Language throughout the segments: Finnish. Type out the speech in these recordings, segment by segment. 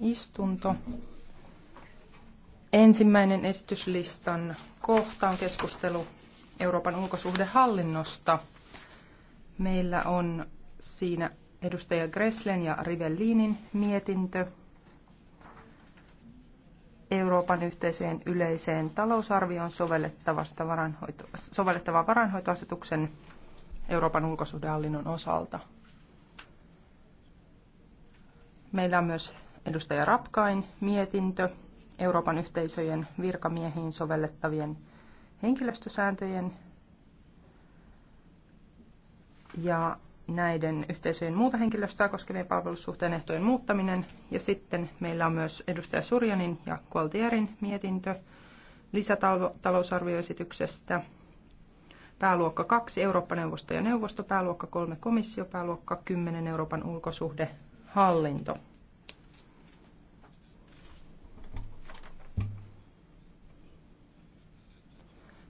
istunto. Ensimmäinen esityslistan kohta on keskustelu Euroopan ulkosuhdehallinnosta. Meillä on siinä edustaja Greslen ja Rivellinin mietintö Euroopan yhteisöjen yleiseen talousarvioon sovellettavasta varainhoito, sovellettavan varainhoitoasetuksen Euroopan ulkosuhdehallinnon osalta. Meillä on myös edustaja Rapkain mietintö Euroopan yhteisöjen virkamiehiin sovellettavien henkilöstösääntöjen ja näiden yhteisöjen muuta henkilöstöä koskevien palvelussuhteen ehtojen muuttaminen. Ja sitten meillä on myös edustaja Surjanin ja Koltierin mietintö lisätalousarvioesityksestä. Pääluokka 2, Eurooppa-neuvosto ja neuvosto, pääluokka 3, komissio, pääluokka 10, Euroopan ulkosuhdehallinto.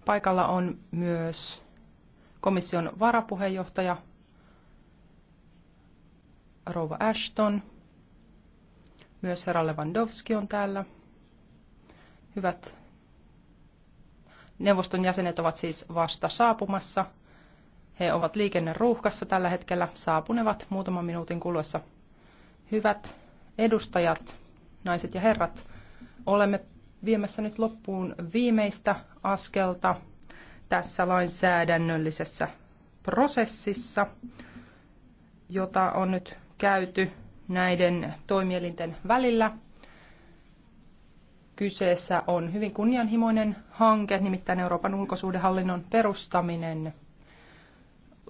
Paikalla on myös komission varapuheenjohtaja Rova Ashton. Myös herra Lewandowski on täällä. Hyvät neuvoston jäsenet ovat siis vasta saapumassa. He ovat liikenneruuhkassa tällä hetkellä, saapunevat muutaman minuutin kuluessa. Hyvät edustajat, naiset ja herrat, olemme viemässä nyt loppuun viimeistä askelta tässä lainsäädännöllisessä prosessissa, jota on nyt käyty näiden toimielinten välillä. Kyseessä on hyvin kunnianhimoinen hanke, nimittäin Euroopan ulkosuhdehallinnon perustaminen.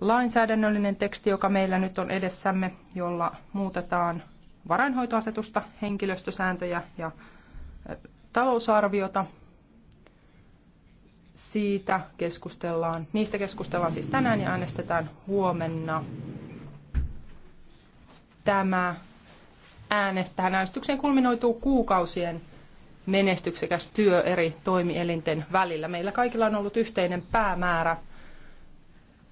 Lainsäädännöllinen teksti, joka meillä nyt on edessämme, jolla muutetaan varainhoitoasetusta, henkilöstösääntöjä ja talousarviota. Siitä keskustellaan, niistä keskustellaan siis tänään ja äänestetään huomenna. Tämä äänest, tähän äänestykseen kulminoituu kuukausien menestyksekäs työ eri toimielinten välillä. Meillä kaikilla on ollut yhteinen päämäärä.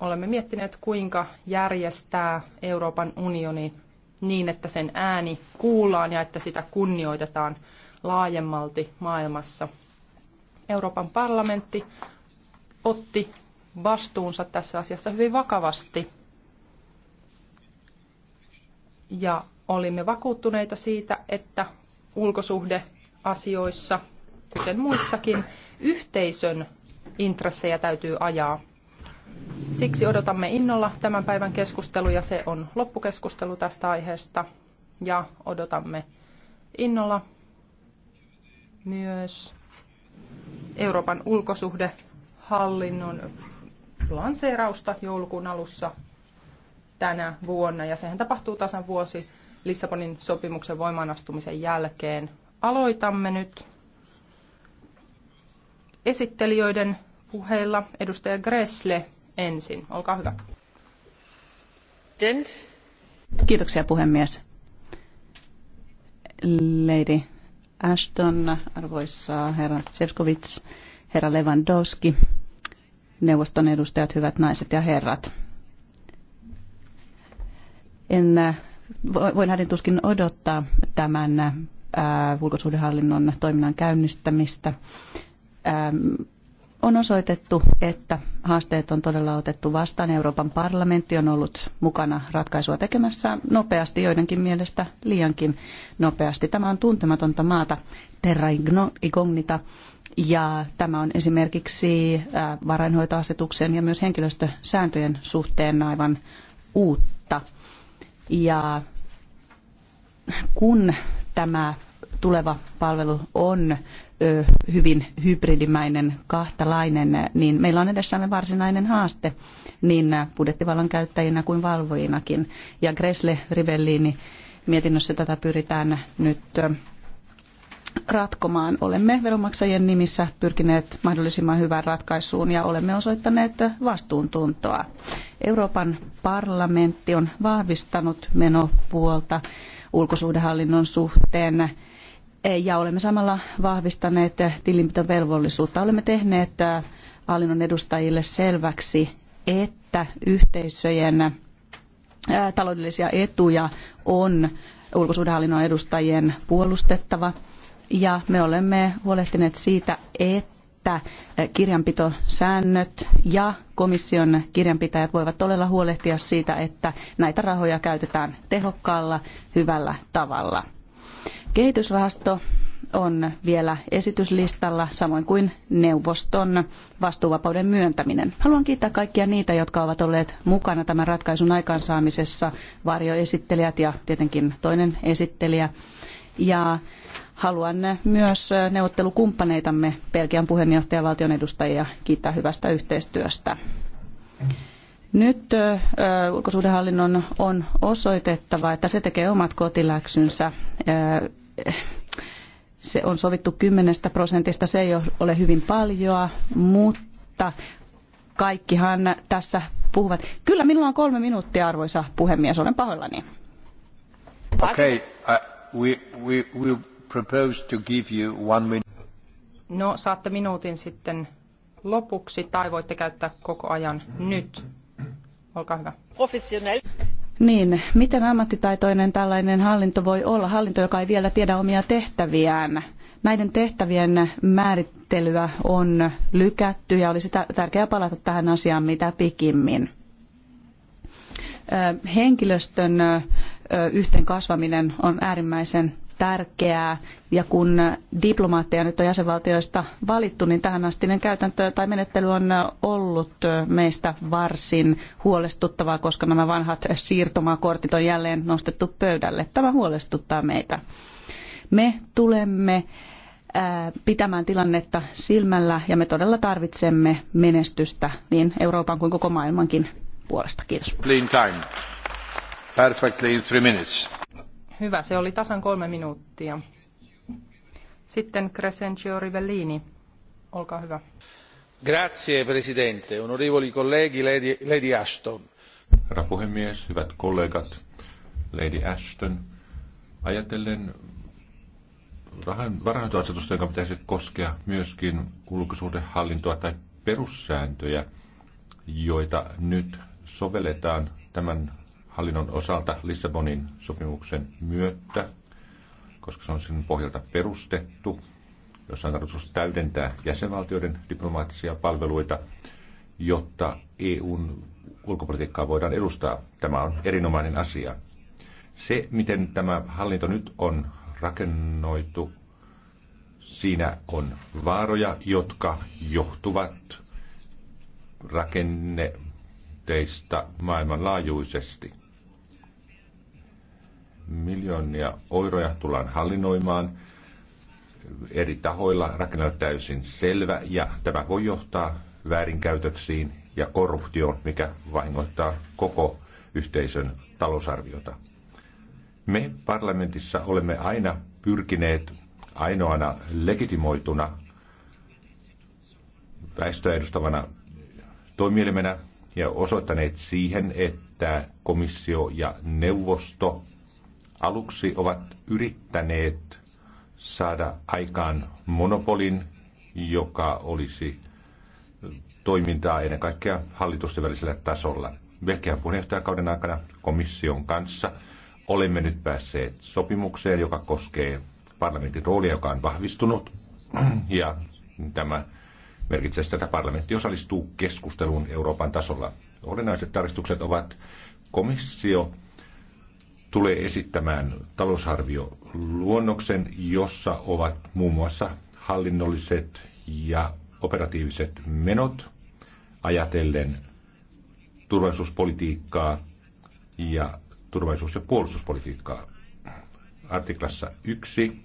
Olemme miettineet, kuinka järjestää Euroopan unioni niin, että sen ääni kuullaan ja että sitä kunnioitetaan laajemmalti maailmassa. Euroopan parlamentti otti vastuunsa tässä asiassa hyvin vakavasti ja olimme vakuuttuneita siitä, että ulkosuhdeasioissa, kuten muissakin, yhteisön intressejä täytyy ajaa. Siksi odotamme innolla tämän päivän keskustelu ja se on loppukeskustelu tästä aiheesta ja odotamme innolla myös Euroopan ulkosuhdehallinnon lanseerausta joulukuun alussa tänä vuonna, ja sehän tapahtuu tasan vuosi Lissabonin sopimuksen voimaanastumisen jälkeen. Aloitamme nyt esittelijöiden puheilla. Edustaja Gressle ensin, olkaa hyvä. Kiitoksia puhemies. Lady Ashton, arvoisa herra Tsevskovits, herra Lewandowski, neuvoston edustajat, hyvät naiset ja herrat. En, äh, voi hänen tuskin odottaa tämän äh, ulkosuhdehallinnon toiminnan käynnistämistä. Ää, ähm, on osoitettu, että haasteet on todella otettu vastaan. Euroopan parlamentti on ollut mukana ratkaisua tekemässä nopeasti, joidenkin mielestä liiankin nopeasti. Tämä on tuntematonta maata, terra incognita, ja tämä on esimerkiksi äh, varainhoitoasetuksen ja myös henkilöstösääntöjen suhteen aivan uutta. Ja kun tämä tuleva palvelu on hyvin hybridimäinen, kahtalainen, niin meillä on edessämme varsinainen haaste niin budjettivallan käyttäjinä kuin valvojinakin. Ja Gresle Rivellini mietinnössä tätä pyritään nyt ratkomaan. Olemme veronmaksajien nimissä pyrkineet mahdollisimman hyvään ratkaisuun ja olemme osoittaneet vastuuntuntoa. Euroopan parlamentti on vahvistanut menopuolta ulkosuhdehallinnon suhteen ja olemme samalla vahvistaneet tilinpitovelvollisuutta. Olemme tehneet hallinnon edustajille selväksi, että yhteisöjen taloudellisia etuja on ulkosuhdehallinnon edustajien puolustettava. Ja me olemme huolehtineet siitä, että kirjanpitosäännöt ja komission kirjanpitäjät voivat todella huolehtia siitä, että näitä rahoja käytetään tehokkaalla, hyvällä tavalla. Kehitysrahasto on vielä esityslistalla, samoin kuin neuvoston vastuuvapauden myöntäminen. Haluan kiittää kaikkia niitä, jotka ovat olleet mukana tämän ratkaisun aikaansaamisessa, varjoesittelijät ja tietenkin toinen esittelijä. Ja haluan myös neuvottelukumppaneitamme Belgian puheenjohtajavaltion edustajia kiittää hyvästä yhteistyöstä. Nyt ulkosuhdehallinnon on osoitettava, että se tekee omat kotiläksynsä se on sovittu 10 prosentista, se ei ole hyvin paljoa, mutta kaikkihan tässä puhuvat. Kyllä minulla on kolme minuuttia, arvoisa puhemies, olen pahoillani. Okay, uh, we, we, we propose to give you one minute. No, saatte minuutin sitten lopuksi tai voitte käyttää koko ajan nyt. Olkaa hyvä. Niin, miten ammattitaitoinen tällainen hallinto voi olla? Hallinto, joka ei vielä tiedä omia tehtäviään. Näiden tehtävien määrittelyä on lykätty ja olisi tärkeää palata tähän asiaan mitä pikimmin. Henkilöstön yhteen kasvaminen on äärimmäisen tärkeää. Ja kun diplomaatteja nyt on jäsenvaltioista valittu, niin tähän astinen käytäntö tai menettely on ollut meistä varsin huolestuttavaa, koska nämä vanhat siirtomaakortit on jälleen nostettu pöydälle. Tämä huolestuttaa meitä. Me tulemme pitämään tilannetta silmällä ja me todella tarvitsemme menestystä niin Euroopan kuin koko maailmankin puolesta. Kiitos. Perfectly in three minutes. Hyvä, se oli tasan kolme minuuttia. Sitten Crescencio Rivellini, olkaa hyvä. Grazie, presidente. Onorevoli colleghi, Lady, Lady Ashton. Herra puhemies, hyvät kollegat, Lady Ashton. Ajatellen varainhoitoasetusta, joka pitäisi koskea myöskin ulkosuhdehallintoa tai perussääntöjä, joita nyt sovelletaan tämän hallinnon osalta Lissabonin sopimuksen myötä, koska se on sen pohjalta perustettu, jossa on tarkoitus täydentää jäsenvaltioiden diplomaattisia palveluita, jotta EUn ulkopolitiikkaa voidaan edustaa. Tämä on erinomainen asia. Se, miten tämä hallinto nyt on rakennoitu, siinä on vaaroja, jotka johtuvat rakenneteista maailmanlaajuisesti miljoonia euroja tullaan hallinnoimaan eri tahoilla, rakennella täysin selvä, ja tämä voi johtaa väärinkäytöksiin ja korruptioon, mikä vahingoittaa koko yhteisön talousarviota. Me parlamentissa olemme aina pyrkineet ainoana legitimoituna väestöä edustavana toimielimenä ja osoittaneet siihen, että komissio ja neuvosto aluksi ovat yrittäneet saada aikaan monopolin, joka olisi toimintaa ennen kaikkea hallitusten välisellä tasolla. Belgian puheenjohtajakauden aikana komission kanssa olemme nyt päässeet sopimukseen, joka koskee parlamentin roolia, joka on vahvistunut. Ja tämä merkitsee sitä, että parlamentti osallistuu keskusteluun Euroopan tasolla. Olennaiset tarkistukset ovat komissio tulee esittämään talousarvioluonnoksen, jossa ovat muun muassa hallinnolliset ja operatiiviset menot ajatellen turvallisuuspolitiikkaa ja turvallisuus- ja puolustuspolitiikkaa. Artiklassa 1,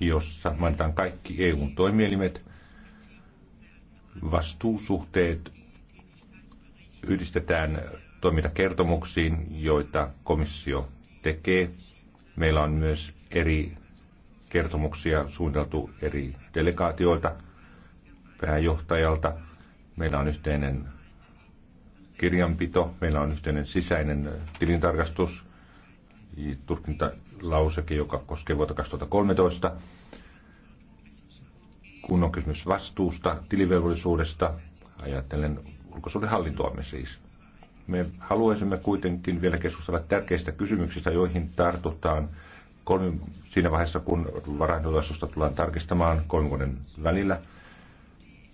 jossa mainitaan kaikki EUn toimielimet, vastuusuhteet yhdistetään toimintakertomuksiin, joita komissio tekee. Meillä on myös eri kertomuksia suunniteltu eri delegaatioilta, pääjohtajalta. Meillä on yhteinen kirjanpito, meillä on yhteinen sisäinen tilintarkastus, tutkintalauseke, joka koskee vuotta 2013. Kun on kysymys vastuusta, tilivelvollisuudesta, ajattelen ulkosuudenhallintoamme siis. Me haluaisimme kuitenkin vielä keskustella tärkeistä kysymyksistä, joihin tartutaan kolme, siinä vaiheessa, kun varainhoitotasosta tullaan tarkistamaan kolmen vuoden välillä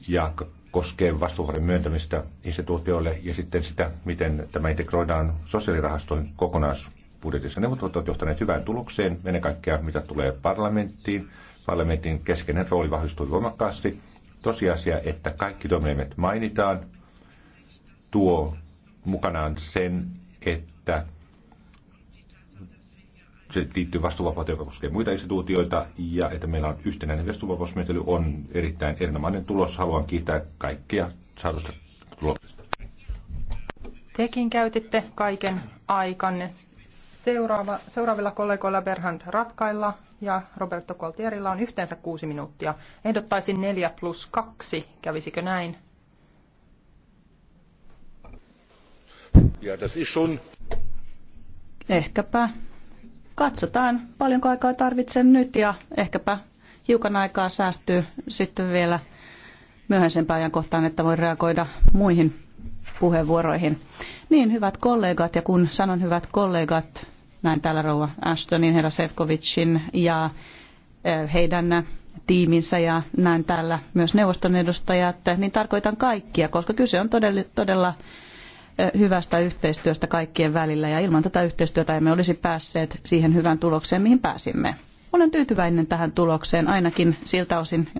ja koskee vastuuvuoden myöntämistä instituutioille ja sitten sitä, miten tämä integroidaan sosiaalirahastoihin kokonaisbudjetissa. Neuvottelut ovat johtaneet hyvään tulokseen, ennen kaikkea mitä tulee parlamenttiin. Parlamentin keskeinen rooli vahvistui voimakkaasti. Tosiasia, että kaikki toimielimet mainitaan, tuo mukanaan sen, että se liittyy vastuuvapauteen, joka koskee muita instituutioita, ja että meillä on yhtenäinen vastuuvapausmenettely on erittäin erinomainen tulos. Haluan kiittää kaikkia saatusta tuloksesta. Tekin käytitte kaiken aikanne. Seuraava, seuraavilla kollegoilla Berhand Ratkailla ja Roberto Coltierilla on yhteensä kuusi minuuttia. Ehdottaisin neljä plus kaksi. Kävisikö näin? Ja, das ist schon... Ehkäpä. Katsotaan, paljonko aikaa tarvitsen nyt ja ehkäpä hiukan aikaa säästyy sitten vielä myöhäisempään ajankohtaan, että voin reagoida muihin puheenvuoroihin. Niin, hyvät kollegat, ja kun sanon hyvät kollegat, näin täällä rouva Ashtonin, herra Sefcovicin ja eh, heidän tiiminsä ja näin täällä myös neuvoston edustajat, niin tarkoitan kaikkia, koska kyse on todella, todella hyvästä yhteistyöstä kaikkien välillä ja ilman tätä yhteistyötä emme olisi päässeet siihen hyvään tulokseen, mihin pääsimme. Olen tyytyväinen tähän tulokseen ainakin siltä osin,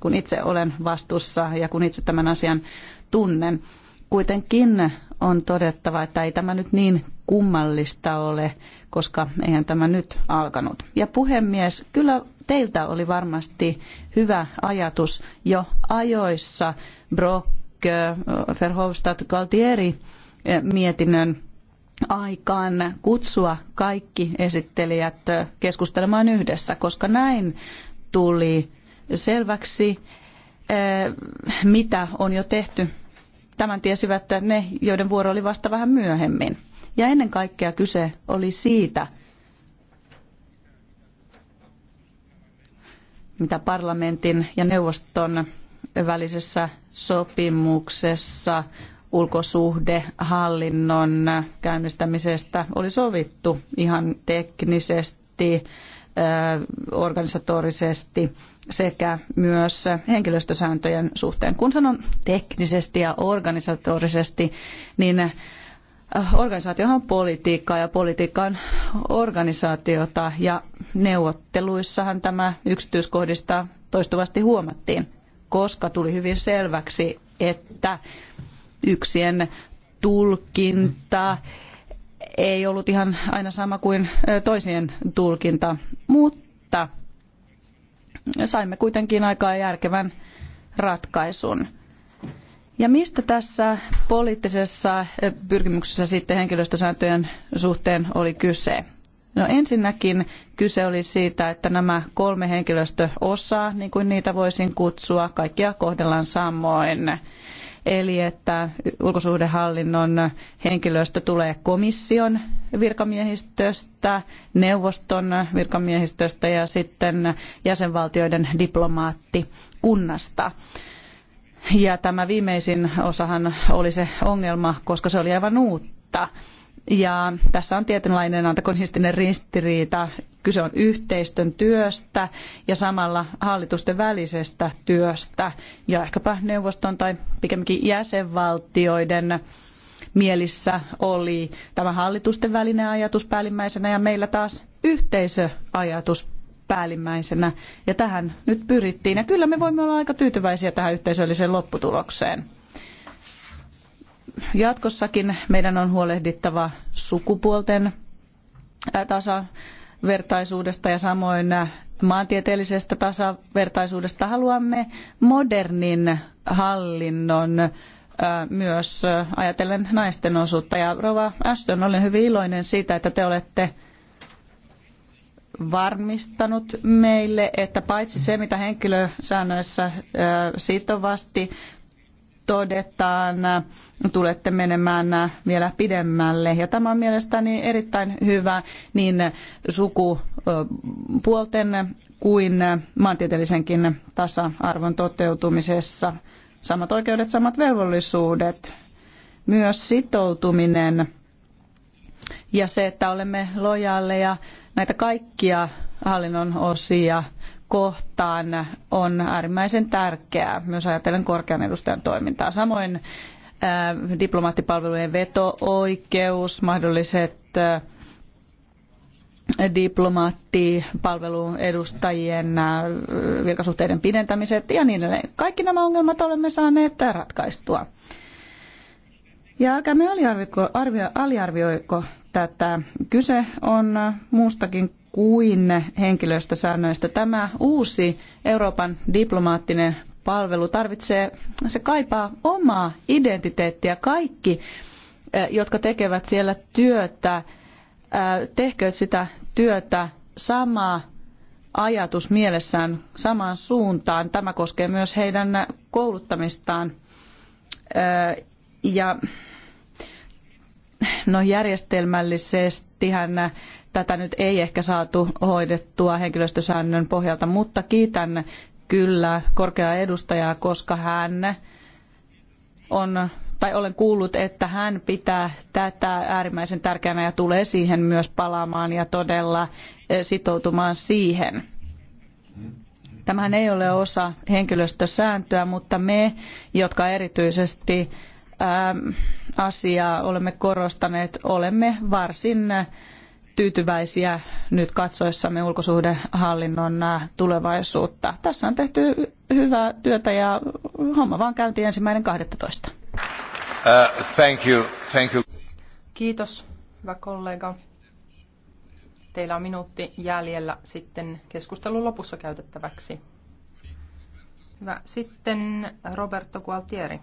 kun itse olen vastuussa ja kun itse tämän asian tunnen. Kuitenkin on todettava, että ei tämä nyt niin kummallista ole, koska eihän tämä nyt alkanut. Ja puhemies, kyllä teiltä oli varmasti hyvä ajatus jo ajoissa Brock Äh, Verhofstadt Galtieri äh, mietinnön aikaan kutsua kaikki esittelijät äh, keskustelemaan yhdessä, koska näin tuli selväksi, mitä on jo tehty. Tämän tiesivät ne, joiden vuoro oli vasta vähän myöhemmin. Ja ennen kaikkea kyse oli siitä, mitä parlamentin ja neuvoston välisessä sopimuksessa ulkosuhdehallinnon käynnistämisestä oli sovittu ihan teknisesti, organisatorisesti sekä myös henkilöstösääntöjen suhteen. Kun sanon teknisesti ja organisatorisesti, niin organisaatiohan on politiikkaa ja politiikka on organisaatiota ja neuvotteluissahan tämä yksityiskohdista toistuvasti huomattiin koska tuli hyvin selväksi, että yksien tulkinta ei ollut ihan aina sama kuin toisien tulkinta, mutta saimme kuitenkin aikaan järkevän ratkaisun. Ja mistä tässä poliittisessa pyrkimyksessä sitten henkilöstösääntöjen suhteen oli kyse? No ensinnäkin kyse oli siitä, että nämä kolme henkilöstöosaa, niin kuin niitä voisin kutsua, kaikkia kohdellaan samoin. Eli että ulkosuhdehallinnon henkilöstö tulee komission virkamiehistöstä, neuvoston virkamiehistöstä ja sitten jäsenvaltioiden diplomaattikunnasta. Ja tämä viimeisin osahan oli se ongelma, koska se oli aivan uutta. Ja tässä on tietynlainen antagonistinen ristiriita. Kyse on yhteistön työstä ja samalla hallitusten välisestä työstä ja ehkäpä neuvoston tai pikemminkin jäsenvaltioiden mielissä oli tämä hallitusten välinen ajatus päällimmäisenä ja meillä taas yhteisöajatus päällimmäisenä. Ja tähän nyt pyrittiin. Ja kyllä me voimme olla aika tyytyväisiä tähän yhteisölliseen lopputulokseen jatkossakin meidän on huolehdittava sukupuolten tasavertaisuudesta ja samoin maantieteellisestä tasavertaisuudesta. Haluamme modernin hallinnon myös ajatellen naisten osuutta. Ja Rova Ashton, olen hyvin iloinen siitä, että te olette varmistanut meille, että paitsi se, mitä henkilösäännöissä sitovasti todetaan, tulette menemään vielä pidemmälle. Ja tämä on mielestäni erittäin hyvä niin sukupuolten kuin maantieteellisenkin tasa-arvon toteutumisessa. Samat oikeudet, samat velvollisuudet, myös sitoutuminen ja se, että olemme lojaaleja näitä kaikkia hallinnon osia – kohtaan on äärimmäisen tärkeää, myös ajatellen korkean edustajan toimintaa. Samoin äh, diplomaattipalvelujen veto-oikeus, mahdolliset äh, diplomaattipalveluedustajien äh, virkasuhteiden pidentämiset ja niin edelleen. Kaikki nämä ongelmat olemme saaneet ratkaistua. Ja älkää me aliarvioiko tätä. Kyse on muustakin kuin henkilöstösäännöistä. Tämä uusi Euroopan diplomaattinen palvelu tarvitsee, se kaipaa omaa identiteettiä. Kaikki, eh, jotka tekevät siellä työtä, eh, tehkööt sitä työtä samaa ajatus mielessään samaan suuntaan. Tämä koskee myös heidän kouluttamistaan. Eh, ja no järjestelmällisestihän tätä nyt ei ehkä saatu hoidettua henkilöstösäännön pohjalta, mutta kiitän kyllä korkeaa edustajaa, koska hän on, tai olen kuullut, että hän pitää tätä äärimmäisen tärkeänä ja tulee siihen myös palaamaan ja todella e, sitoutumaan siihen. Tämähän ei ole osa henkilöstösääntöä, mutta me, jotka erityisesti ähm, asiaa olemme korostaneet. Olemme varsin tyytyväisiä nyt katsoessamme ulkosuhdehallinnon tulevaisuutta. Tässä on tehty hyvää työtä ja homma vaan käyntiin ensimmäinen 12. Uh, thank you. Thank you. Kiitos, hyvä kollega. Teillä on minuutti jäljellä sitten keskustelun lopussa käytettäväksi. Hyvä. Sitten Roberto Gualtieri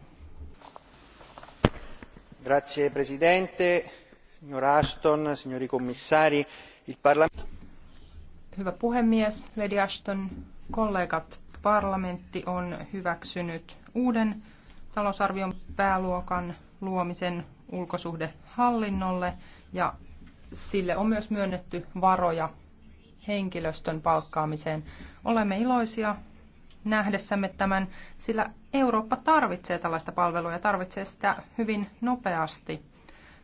signor presidente signora ashton signori hyvä puhemies lady ashton kollegat parlamentti on hyväksynyt uuden talousarvion pääluokan luomisen ulkosuhdehallinnolle ja sille on myös myönnetty varoja henkilöstön palkkaamiseen. Olemme iloisia nähdessämme tämän, sillä Eurooppa tarvitsee tällaista palvelua ja tarvitsee sitä hyvin nopeasti.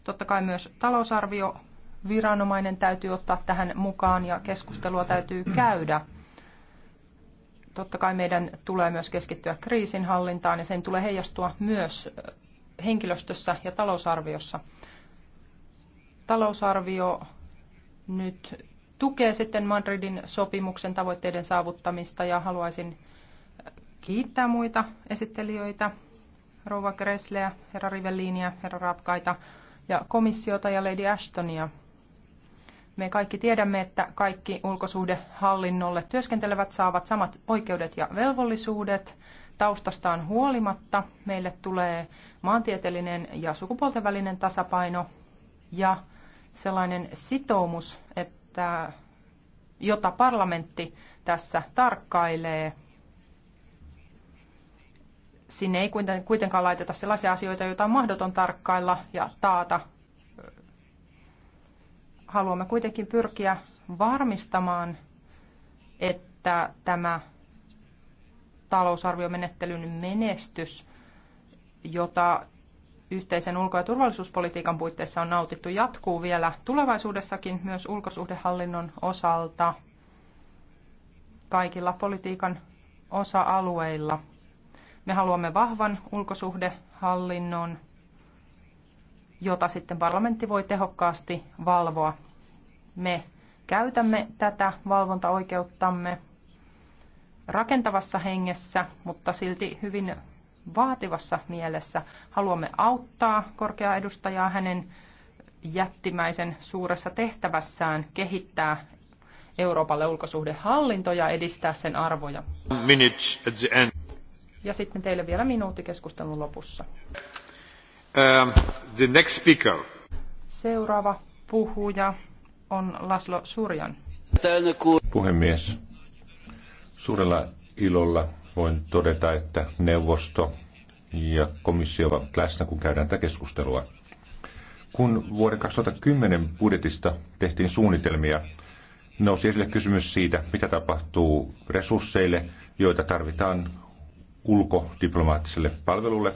Totta kai myös talousarvio viranomainen täytyy ottaa tähän mukaan ja keskustelua täytyy käydä. Totta kai meidän tulee myös keskittyä kriisinhallintaan ja sen tulee heijastua myös henkilöstössä ja talousarviossa. Talousarvio nyt tukee sitten Madridin sopimuksen tavoitteiden saavuttamista ja haluaisin kiittää muita esittelijöitä, Rouva Gressleä, herra Rivelliniä, herra Rapkaita ja komissiota ja Lady Ashtonia. Me kaikki tiedämme, että kaikki ulkosuhdehallinnolle työskentelevät saavat samat oikeudet ja velvollisuudet. Taustastaan huolimatta meille tulee maantieteellinen ja sukupuolten välinen tasapaino ja sellainen sitoumus, että jota parlamentti tässä tarkkailee – sinne ei kuitenkaan laiteta sellaisia asioita, joita on mahdoton tarkkailla ja taata. Haluamme kuitenkin pyrkiä varmistamaan, että tämä talousarviomenettelyn menestys, jota yhteisen ulko- ja turvallisuuspolitiikan puitteissa on nautittu, jatkuu vielä tulevaisuudessakin myös ulkosuhdehallinnon osalta kaikilla politiikan osa-alueilla. Me haluamme vahvan ulkosuhdehallinnon, jota sitten parlamentti voi tehokkaasti valvoa. Me käytämme tätä valvontaoikeuttamme rakentavassa hengessä, mutta silti hyvin vaativassa mielessä. Haluamme auttaa korkeaa edustajaa hänen jättimäisen suuressa tehtävässään kehittää Euroopalle ulkosuhdehallinto ja edistää sen arvoja. Minutes at the end. Ja sitten teille vielä minuutti keskustelun lopussa. Um, the next speaker. Seuraava puhuja on Laslo Surjan. Puhemies, suurella ilolla voin todeta, että neuvosto ja komissio ovat läsnä, kun käydään tätä keskustelua. Kun vuoden 2010 budjetista tehtiin suunnitelmia, nousi esille kysymys siitä, mitä tapahtuu resursseille, joita tarvitaan ulkodiplomaattiselle palvelulle.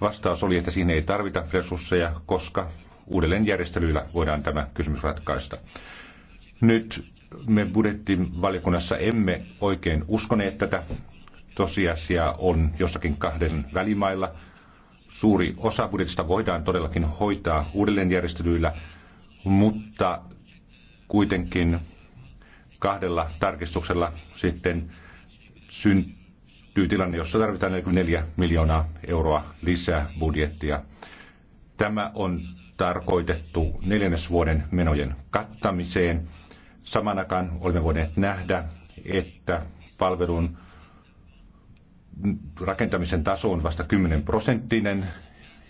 Vastaus oli, että siinä ei tarvita resursseja, koska uudelleenjärjestelyillä voidaan tämä kysymys ratkaista. Nyt me budjettivaliokunnassa emme oikein uskoneet tätä. Tosiasia on jossakin kahden välimailla. Suuri osa budjetista voidaan todellakin hoitaa uudelleenjärjestelyillä, mutta kuitenkin kahdella tarkistuksella sitten syntyy syntyy tilanne, jossa tarvitaan 44 miljoonaa euroa lisää budjettia. Tämä on tarkoitettu neljännesvuoden menojen kattamiseen. Samanakaan olemme voineet nähdä, että palvelun rakentamisen taso on vasta 10 prosenttinen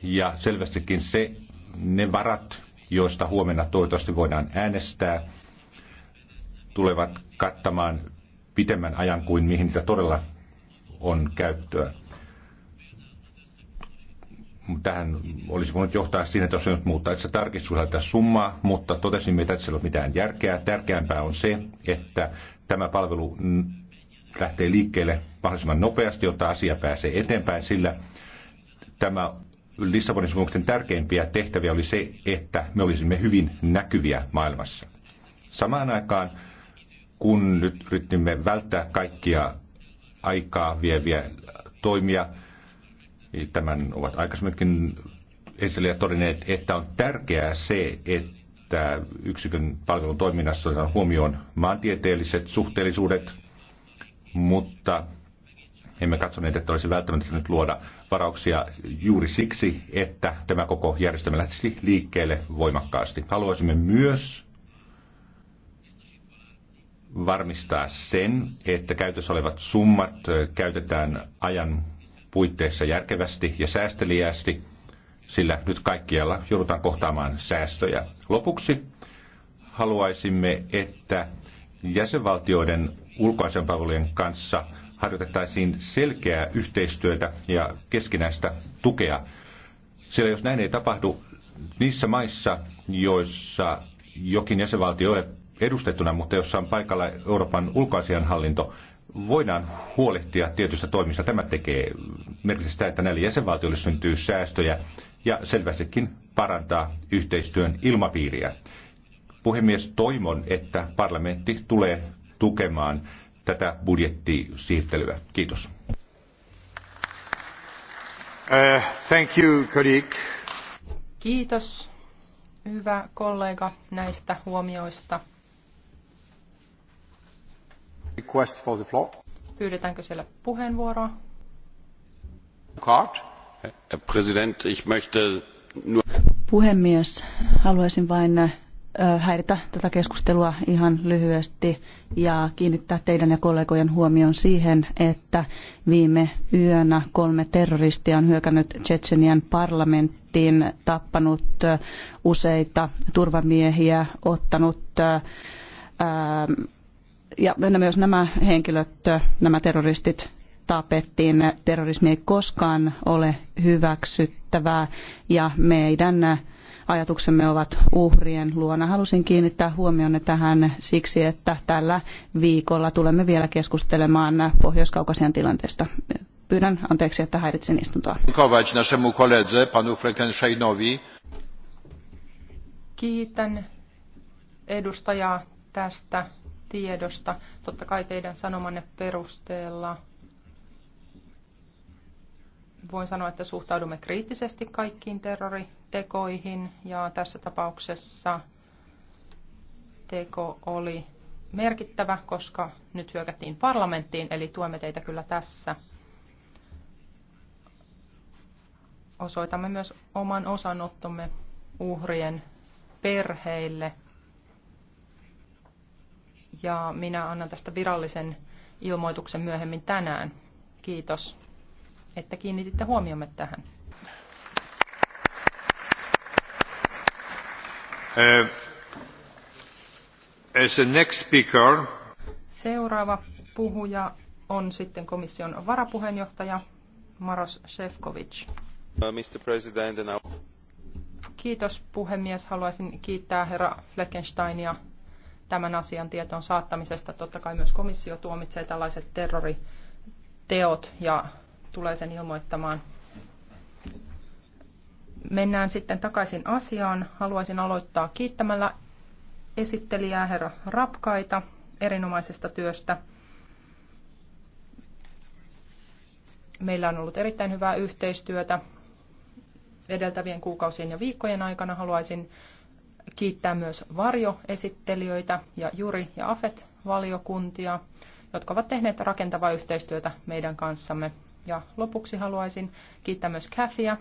ja selvästikin se, ne varat, joista huomenna toivottavasti voidaan äänestää, tulevat kattamaan pitemmän ajan kuin mihin niitä todella on käyttöä. Tähän olisi voinut johtaa siinä, että olisi nyt muuttaa se tarkistuu tätä summaa, mutta totesimme, että sillä ei ole mitään järkeä. Tärkeämpää on se, että tämä palvelu lähtee liikkeelle mahdollisimman nopeasti, jotta asia pääsee eteenpäin, sillä tämä Lissabonin sopimuksen tärkeimpiä tehtäviä oli se, että me olisimme hyvin näkyviä maailmassa. Samaan aikaan, kun nyt yritimme välttää kaikkia aikaa vieviä toimia. Niin tämän ovat aikaisemminkin esille todenneet, että on tärkeää se, että yksikön palvelun toiminnassa on huomioon maantieteelliset suhteellisuudet, mutta emme katsoneet, että olisi välttämättä nyt luoda varauksia juuri siksi, että tämä koko järjestelmä lähtisi liikkeelle voimakkaasti. Haluaisimme myös varmistaa sen, että käytössä olevat summat käytetään ajan puitteissa järkevästi ja säästeliäästi, sillä nyt kaikkialla joudutaan kohtaamaan säästöjä. Lopuksi haluaisimme, että jäsenvaltioiden ulkoasianpalvelujen kanssa harjoitettaisiin selkeää yhteistyötä ja keskinäistä tukea. Sillä jos näin ei tapahdu, niissä maissa, joissa jokin jäsenvaltio ei ole edustettuna, mutta jossa on paikalla Euroopan ulkoasianhallinto, voidaan huolehtia tietystä toimista. Tämä tekee merkitse sitä, että näille jäsenvaltioille syntyy säästöjä ja selvästikin parantaa yhteistyön ilmapiiriä. Puhemies, toivon, että parlamentti tulee tukemaan tätä budjettisiirtelyä. Kiitos. Uh, thank you, colleague. Kiitos, hyvä kollega, näistä huomioista. Request for the floor. Pyydetäänkö siellä puheenvuoroa? Card. President, ich möchte nur... Puhemies, haluaisin vain äh, häiritä tätä keskustelua ihan lyhyesti ja kiinnittää teidän ja kollegojen huomion siihen, että viime yönä kolme terroristia on hyökännyt Tsetsenian parlamenttiin, tappanut äh, useita turvamiehiä, ottanut ää, äh, ja myös nämä henkilöt, nämä terroristit tapettiin. Terrorismi ei koskaan ole hyväksyttävää ja meidän ajatuksemme ovat uhrien luona. Halusin kiinnittää huomionne tähän siksi, että tällä viikolla tulemme vielä keskustelemaan Pohjois-Kaukasian tilanteesta. Pyydän anteeksi, että häiritsin istuntoa. Kiitän edustajaa tästä tiedosta. Totta kai teidän sanomanne perusteella voin sanoa, että suhtaudumme kriittisesti kaikkiin terroritekoihin ja tässä tapauksessa teko oli merkittävä, koska nyt hyökättiin parlamenttiin, eli tuemme teitä kyllä tässä. Osoitamme myös oman osanottomme uhrien perheille ja minä annan tästä virallisen ilmoituksen myöhemmin tänään. Kiitos, että kiinnititte huomiomme tähän. Uh, as the next speaker. Seuraava puhuja on sitten komission varapuheenjohtaja Maros Shevkovic. Uh, Mr. President, and I... Kiitos puhemies. Haluaisin kiittää herra Fleckensteinia tämän asian tietoon saattamisesta. Totta kai myös komissio tuomitsee tällaiset terroriteot ja tulee sen ilmoittamaan. Mennään sitten takaisin asiaan. Haluaisin aloittaa kiittämällä esittelijää herra Rapkaita erinomaisesta työstä. Meillä on ollut erittäin hyvää yhteistyötä edeltävien kuukausien ja viikkojen aikana. Haluaisin kiittää myös varjoesittelijöitä ja Juri ja AFET-valiokuntia, jotka ovat tehneet rakentavaa yhteistyötä meidän kanssamme. Ja lopuksi haluaisin kiittää myös Cathyä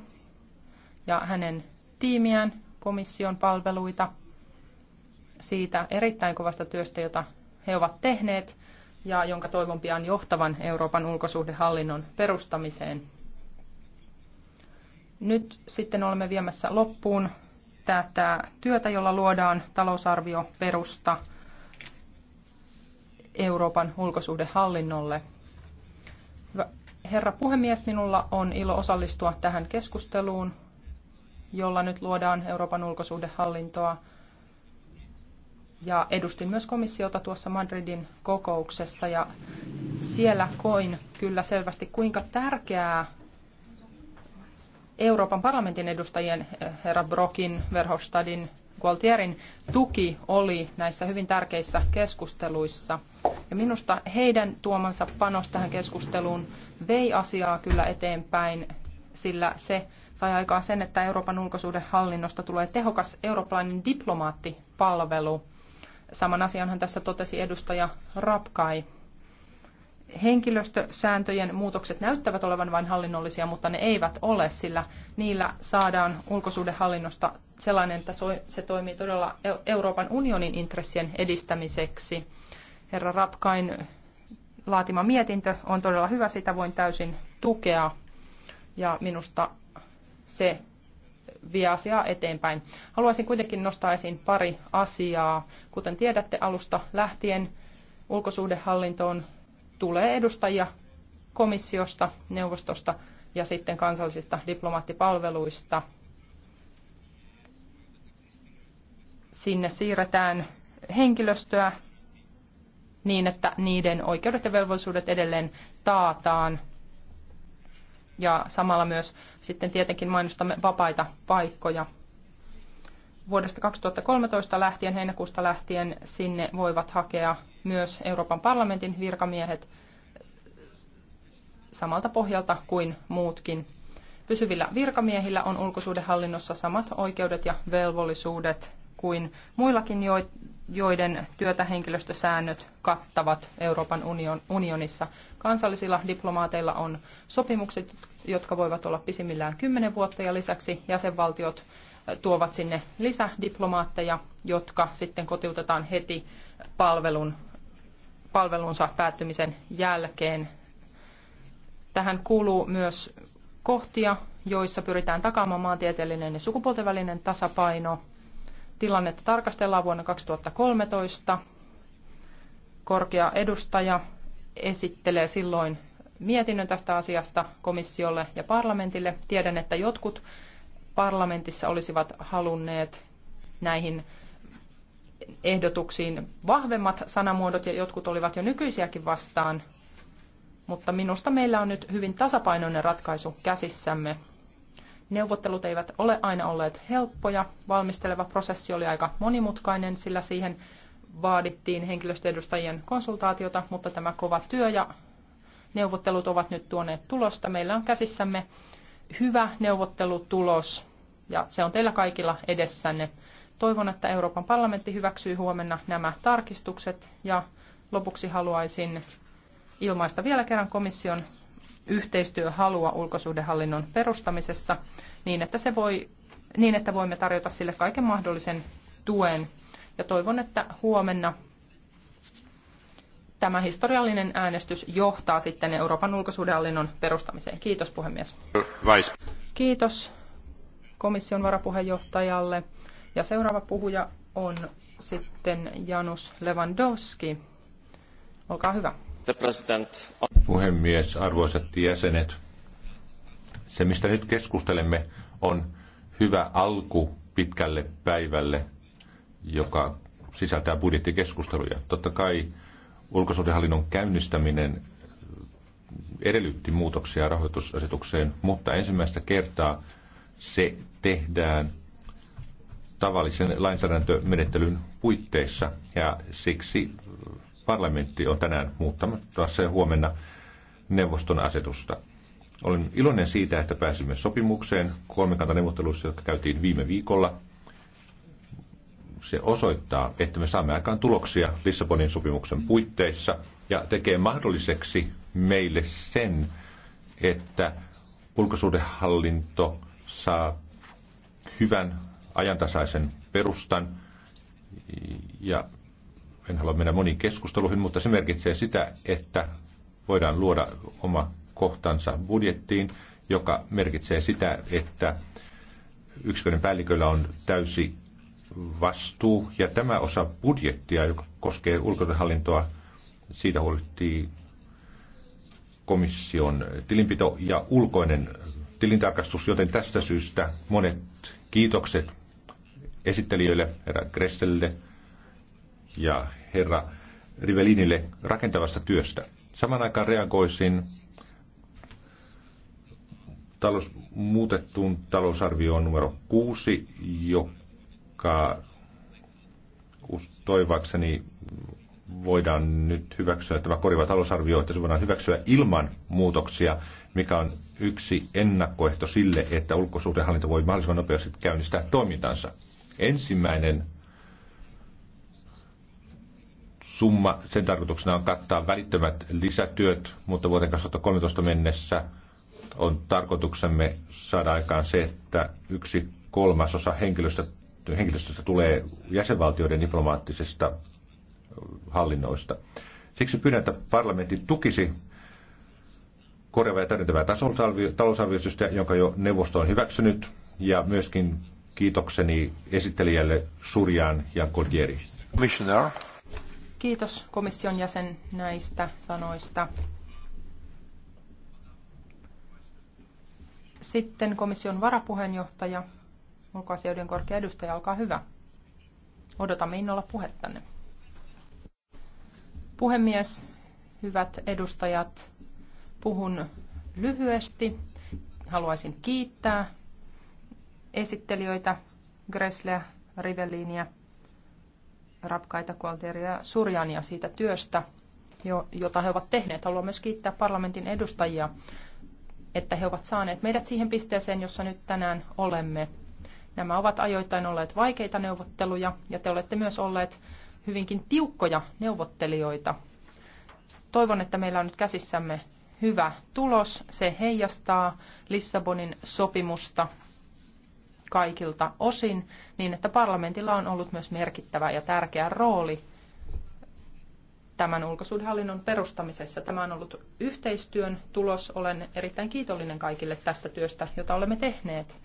ja hänen tiimiään, komission palveluita, siitä erittäin kovasta työstä, jota he ovat tehneet ja jonka toivon pian johtavan Euroopan ulkosuhdehallinnon perustamiseen. Nyt sitten olemme viemässä loppuun tätä työtä, jolla luodaan talousarvioperusta Euroopan ulkosuhdehallinnolle. Herra puhemies, minulla on ilo osallistua tähän keskusteluun, jolla nyt luodaan Euroopan ulkosuhdehallintoa. Ja edustin myös komissiota tuossa Madridin kokouksessa ja siellä koin kyllä selvästi, kuinka tärkeää Euroopan parlamentin edustajien eh, herra Brokin, Verhofstadin, Gualtierin tuki oli näissä hyvin tärkeissä keskusteluissa. Ja minusta heidän tuomansa panos tähän keskusteluun vei asiaa kyllä eteenpäin, sillä se sai aikaan sen, että Euroopan ulkosuhdehallinnosta tulee tehokas eurooppalainen diplomaattipalvelu. Saman asianhan tässä totesi edustaja Rapkai Henkilöstösääntöjen muutokset näyttävät olevan vain hallinnollisia, mutta ne eivät ole, sillä niillä saadaan ulkosuhdehallinnosta sellainen, että se toimii todella Euroopan unionin intressien edistämiseksi. Herra Rapkain laatima mietintö on todella hyvä, sitä voin täysin tukea ja minusta se vie asiaa eteenpäin. Haluaisin kuitenkin nostaa esiin pari asiaa. Kuten tiedätte alusta lähtien, ulkosuhdehallinto on tulee edustajia komissiosta, neuvostosta ja sitten kansallisista diplomaattipalveluista. Sinne siirretään henkilöstöä niin, että niiden oikeudet ja velvollisuudet edelleen taataan. Ja samalla myös sitten tietenkin mainostamme vapaita paikkoja vuodesta 2013 lähtien, heinäkuusta lähtien, sinne voivat hakea myös Euroopan parlamentin virkamiehet samalta pohjalta kuin muutkin. Pysyvillä virkamiehillä on ulkosuudenhallinnossa samat oikeudet ja velvollisuudet kuin muillakin, joiden työtä henkilöstösäännöt kattavat Euroopan unionissa. Kansallisilla diplomaateilla on sopimukset, jotka voivat olla pisimmillään 10 vuotta ja lisäksi jäsenvaltiot tuovat sinne lisädiplomaatteja, jotka sitten kotiutetaan heti palvelun, palvelunsa päättymisen jälkeen. Tähän kuuluu myös kohtia, joissa pyritään takaamaan maantieteellinen ja sukupuolten välinen tasapaino. Tilannetta tarkastellaan vuonna 2013. Korkea edustaja esittelee silloin mietinnön tästä asiasta komissiolle ja parlamentille. Tiedän, että jotkut parlamentissa olisivat halunneet näihin ehdotuksiin vahvemmat sanamuodot ja jotkut olivat jo nykyisiäkin vastaan, mutta minusta meillä on nyt hyvin tasapainoinen ratkaisu käsissämme. Neuvottelut eivät ole aina olleet helppoja. Valmisteleva prosessi oli aika monimutkainen, sillä siihen vaadittiin henkilöstöedustajien konsultaatiota, mutta tämä kova työ ja neuvottelut ovat nyt tuoneet tulosta. Meillä on käsissämme hyvä neuvottelutulos ja se on teillä kaikilla edessänne. Toivon, että Euroopan parlamentti hyväksyy huomenna nämä tarkistukset ja lopuksi haluaisin ilmaista vielä kerran komission yhteistyöhalua ulkosuhdehallinnon perustamisessa niin, että, se voi, niin, että voimme tarjota sille kaiken mahdollisen tuen. Ja toivon, että huomenna tämä historiallinen äänestys johtaa sitten Euroopan ulkosuhdehallinnon perustamiseen. Kiitos puhemies. Vice. Kiitos komission varapuheenjohtajalle. Ja seuraava puhuja on sitten Janus Lewandowski. Olkaa hyvä. Puhemies, arvoisat jäsenet. Se, mistä nyt keskustelemme, on hyvä alku pitkälle päivälle, joka sisältää budjettikeskusteluja. Totta kai ulkosuhdehallinnon käynnistäminen edellytti muutoksia rahoitusasetukseen, mutta ensimmäistä kertaa se tehdään tavallisen lainsäädäntömenettelyn puitteissa ja siksi parlamentti on tänään muuttamassa ja huomenna neuvoston asetusta. Olen iloinen siitä, että pääsimme sopimukseen kolmikantaneuvotteluissa, jotka käytiin viime viikolla. Se osoittaa, että me saamme aikaan tuloksia Lissabonin sopimuksen puitteissa ja tekee mahdolliseksi meille sen, että ulkosuhdehallinto saa hyvän ajantasaisen perustan ja en halua mennä moniin keskusteluihin, mutta se merkitsee sitä, että voidaan luoda oma kohtansa budjettiin, joka merkitsee sitä, että yksikön päälliköllä on täysi vastuu. Ja tämä osa budjettia, joka koskee ulkoisenhallintoa, siitä huolittiin komission tilinpito ja ulkoinen tilintarkastus, joten tästä syystä monet kiitokset esittelijöille, herra Gresselle ja herra Rivelinille rakentavasta työstä. Saman aikaan reagoisin talous, muutettuun talousarvioon numero 6, joka toivakseni voidaan nyt hyväksyä, tämä korjava talousarvio, että se voidaan hyväksyä ilman muutoksia mikä on yksi ennakkoehto sille, että ulkosuhdehallinto voi mahdollisimman nopeasti käynnistää toimintansa. Ensimmäinen summa, sen tarkoituksena on kattaa välittömät lisätyöt, mutta vuoteen 2013 mennessä on tarkoituksemme saada aikaan se, että yksi kolmasosa henkilöstöstä, henkilöstöstä tulee jäsenvaltioiden diplomaattisista hallinnoista. Siksi pyydän, että parlamentti tukisi korjaavaa ja täydentävä talousarviosystä, jonka jo neuvosto on hyväksynyt, ja myöskin kiitokseni esittelijälle Surjaan ja Kodieri. Kiitos komission jäsen näistä sanoista. Sitten komission varapuheenjohtaja, ulkoasioiden korkea edustaja, olkaa hyvä. Odotamme innolla puhettanne. Puhemies, hyvät edustajat, Puhun lyhyesti. Haluaisin kiittää esittelijöitä Gresleä, Rivelinia, Rapkaita, Kualteria ja Surjania siitä työstä, jota he ovat tehneet. Haluan myös kiittää parlamentin edustajia, että he ovat saaneet meidät siihen pisteeseen, jossa nyt tänään olemme. Nämä ovat ajoittain olleet vaikeita neuvotteluja ja te olette myös olleet hyvinkin tiukkoja neuvottelijoita. Toivon, että meillä on nyt käsissämme hyvä tulos. Se heijastaa Lissabonin sopimusta kaikilta osin, niin että parlamentilla on ollut myös merkittävä ja tärkeä rooli tämän ulkosuudenhallinnon perustamisessa. Tämä on ollut yhteistyön tulos. Olen erittäin kiitollinen kaikille tästä työstä, jota olemme tehneet.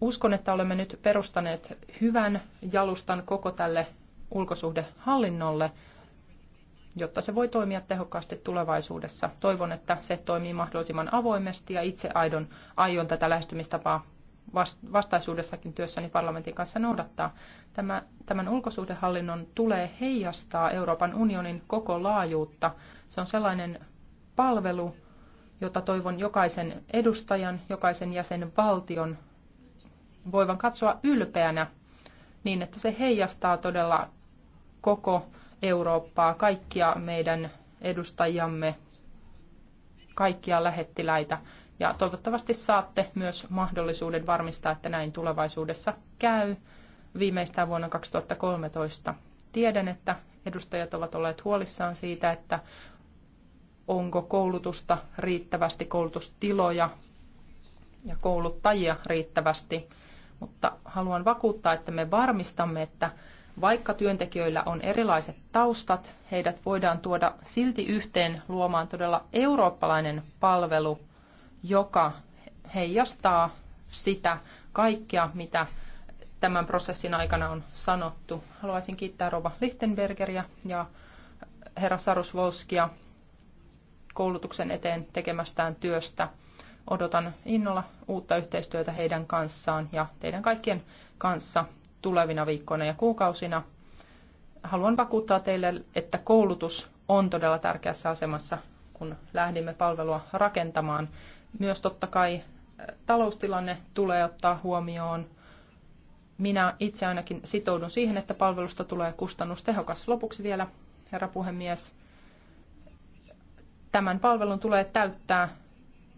Uskon, että olemme nyt perustaneet hyvän jalustan koko tälle ulkosuhdehallinnolle, jotta se voi toimia tehokkaasti tulevaisuudessa. Toivon, että se toimii mahdollisimman avoimesti ja itse aidon, aion tätä lähestymistapaa vastaisuudessakin työssäni parlamentin kanssa noudattaa. Tämä, tämän ulkosuhdehallinnon tulee heijastaa Euroopan unionin koko laajuutta. Se on sellainen palvelu, jota toivon jokaisen edustajan, jokaisen jäsenvaltion voivan katsoa ylpeänä niin, että se heijastaa todella koko Eurooppaa, kaikkia meidän edustajiamme, kaikkia lähettiläitä ja toivottavasti saatte myös mahdollisuuden varmistaa, että näin tulevaisuudessa käy viimeistään vuonna 2013. Tiedän, että edustajat ovat olleet huolissaan siitä, että onko koulutusta riittävästi, koulutustiloja ja kouluttajia riittävästi, mutta haluan vakuuttaa, että me varmistamme, että vaikka työntekijöillä on erilaiset taustat, heidät voidaan tuoda silti yhteen luomaan todella eurooppalainen palvelu, joka heijastaa sitä kaikkea, mitä tämän prosessin aikana on sanottu. Haluaisin kiittää Rova Lichtenbergeria ja herra Sarusvolskia koulutuksen eteen tekemästään työstä. Odotan innolla uutta yhteistyötä heidän kanssaan ja teidän kaikkien kanssa tulevina viikkoina ja kuukausina. Haluan vakuuttaa teille, että koulutus on todella tärkeässä asemassa, kun lähdimme palvelua rakentamaan. Myös totta kai taloustilanne tulee ottaa huomioon. Minä itse ainakin sitoudun siihen, että palvelusta tulee kustannustehokas. Lopuksi vielä, herra puhemies, tämän palvelun tulee täyttää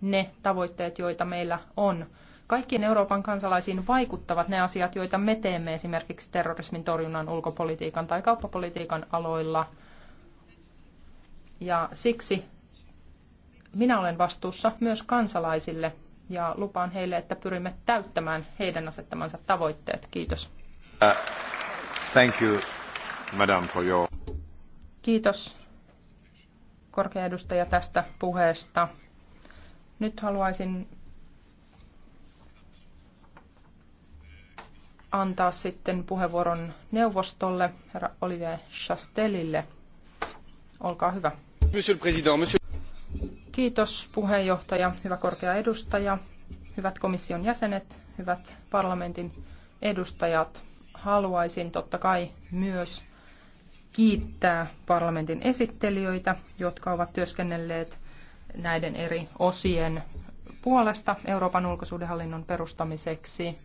ne tavoitteet, joita meillä on Kaikkiin Euroopan kansalaisiin vaikuttavat ne asiat, joita me teemme esimerkiksi terrorismin torjunnan, ulkopolitiikan tai kauppapolitiikan aloilla. Ja siksi minä olen vastuussa myös kansalaisille ja lupaan heille, että pyrimme täyttämään heidän asettamansa tavoitteet. Kiitos. Uh, thank you, madam, for your... Kiitos korkea edustaja tästä puheesta. Nyt haluaisin antaa sitten puheenvuoron neuvostolle, herra Olivier Chastelille. Olkaa hyvä. Monsieur le Président, monsieur... Kiitos puheenjohtaja, hyvä korkea edustaja, hyvät komission jäsenet, hyvät parlamentin edustajat. Haluaisin totta kai myös kiittää parlamentin esittelijöitä, jotka ovat työskennelleet näiden eri osien puolesta Euroopan ulkosuudenhallinnon perustamiseksi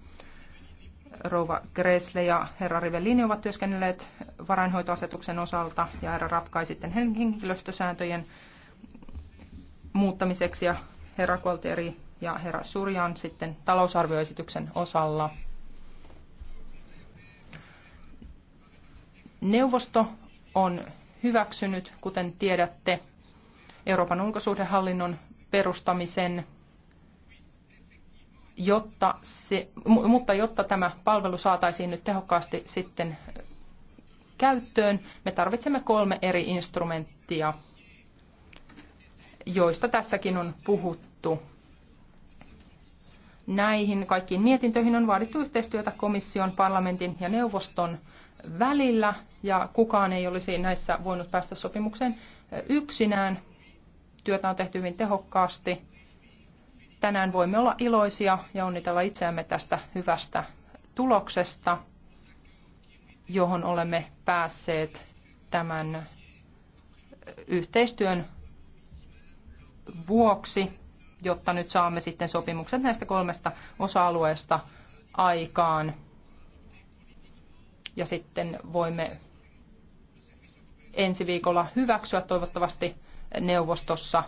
rouva Gresle ja herra Rivellini ovat työskennelleet varainhoitoasetuksen osalta ja herra Rapkai sitten henkilöstösääntöjen muuttamiseksi ja herra Kolteri ja herra Surjan sitten talousarvioesityksen osalla. Neuvosto on hyväksynyt, kuten tiedätte, Euroopan ulkosuhdehallinnon perustamisen jotta se, mutta jotta tämä palvelu saataisiin nyt tehokkaasti sitten käyttöön, me tarvitsemme kolme eri instrumenttia, joista tässäkin on puhuttu. Näihin kaikkiin mietintöihin on vaadittu yhteistyötä komission, parlamentin ja neuvoston välillä, ja kukaan ei olisi näissä voinut päästä sopimukseen yksinään. Työtä on tehty hyvin tehokkaasti tänään voimme olla iloisia ja onnitella itseämme tästä hyvästä tuloksesta, johon olemme päässeet tämän yhteistyön vuoksi, jotta nyt saamme sitten sopimukset näistä kolmesta osa-alueesta aikaan. Ja sitten voimme ensi viikolla hyväksyä toivottavasti neuvostossa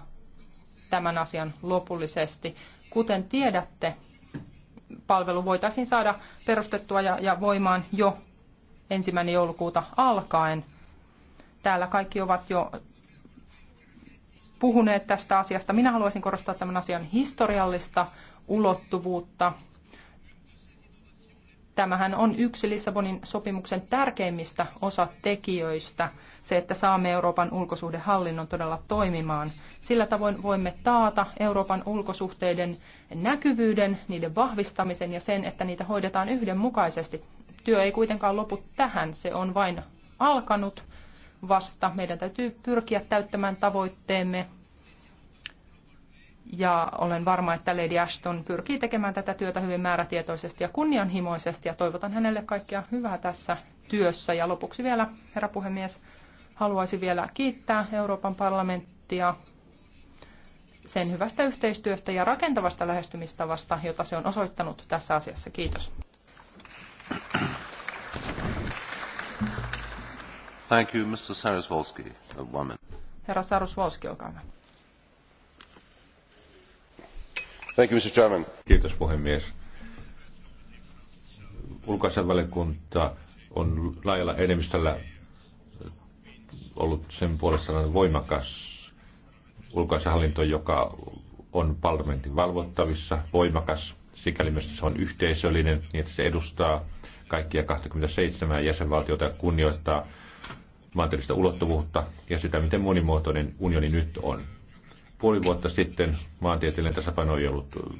tämän asian lopullisesti. Kuten tiedätte, palvelu voitaisiin saada perustettua ja, ja voimaan jo ensimmäinen joulukuuta alkaen. Täällä kaikki ovat jo puhuneet tästä asiasta. Minä haluaisin korostaa tämän asian historiallista ulottuvuutta. Tämähän on yksi Lissabonin sopimuksen tärkeimmistä osatekijöistä – se, että saamme Euroopan ulkosuhdehallinnon todella toimimaan. Sillä tavoin voimme taata Euroopan ulkosuhteiden näkyvyyden, niiden vahvistamisen ja sen, että niitä hoidetaan yhdenmukaisesti. Työ ei kuitenkaan lopu tähän, se on vain alkanut vasta. Meidän täytyy pyrkiä täyttämään tavoitteemme ja olen varma, että Lady Ashton pyrkii tekemään tätä työtä hyvin määrätietoisesti ja kunnianhimoisesti ja toivotan hänelle kaikkea hyvää tässä työssä. Ja lopuksi vielä, herra puhemies, Haluaisin vielä kiittää Euroopan parlamenttia sen hyvästä yhteistyöstä ja rakentavasta lähestymistavasta, jota se on osoittanut tässä asiassa. Kiitos. Thank you, Mr. Sarasvolski, woman. Herra Sarasvolski, olkaa hyvä. Thank you, Mr. Chairman. Kiitos puhemies. Ulkoasevaliokunta on laajalla enemmistöllä ollut sen puolesta voimakas ulkoasehallinto, joka on parlamentin valvottavissa, voimakas, sikäli myös se on yhteisöllinen, niin että se edustaa kaikkia 27 jäsenvaltiota kunnioittaa maantieteellistä ulottuvuutta ja sitä, miten monimuotoinen unioni nyt on. Puoli vuotta sitten maantieteellinen tasapaino ei ollut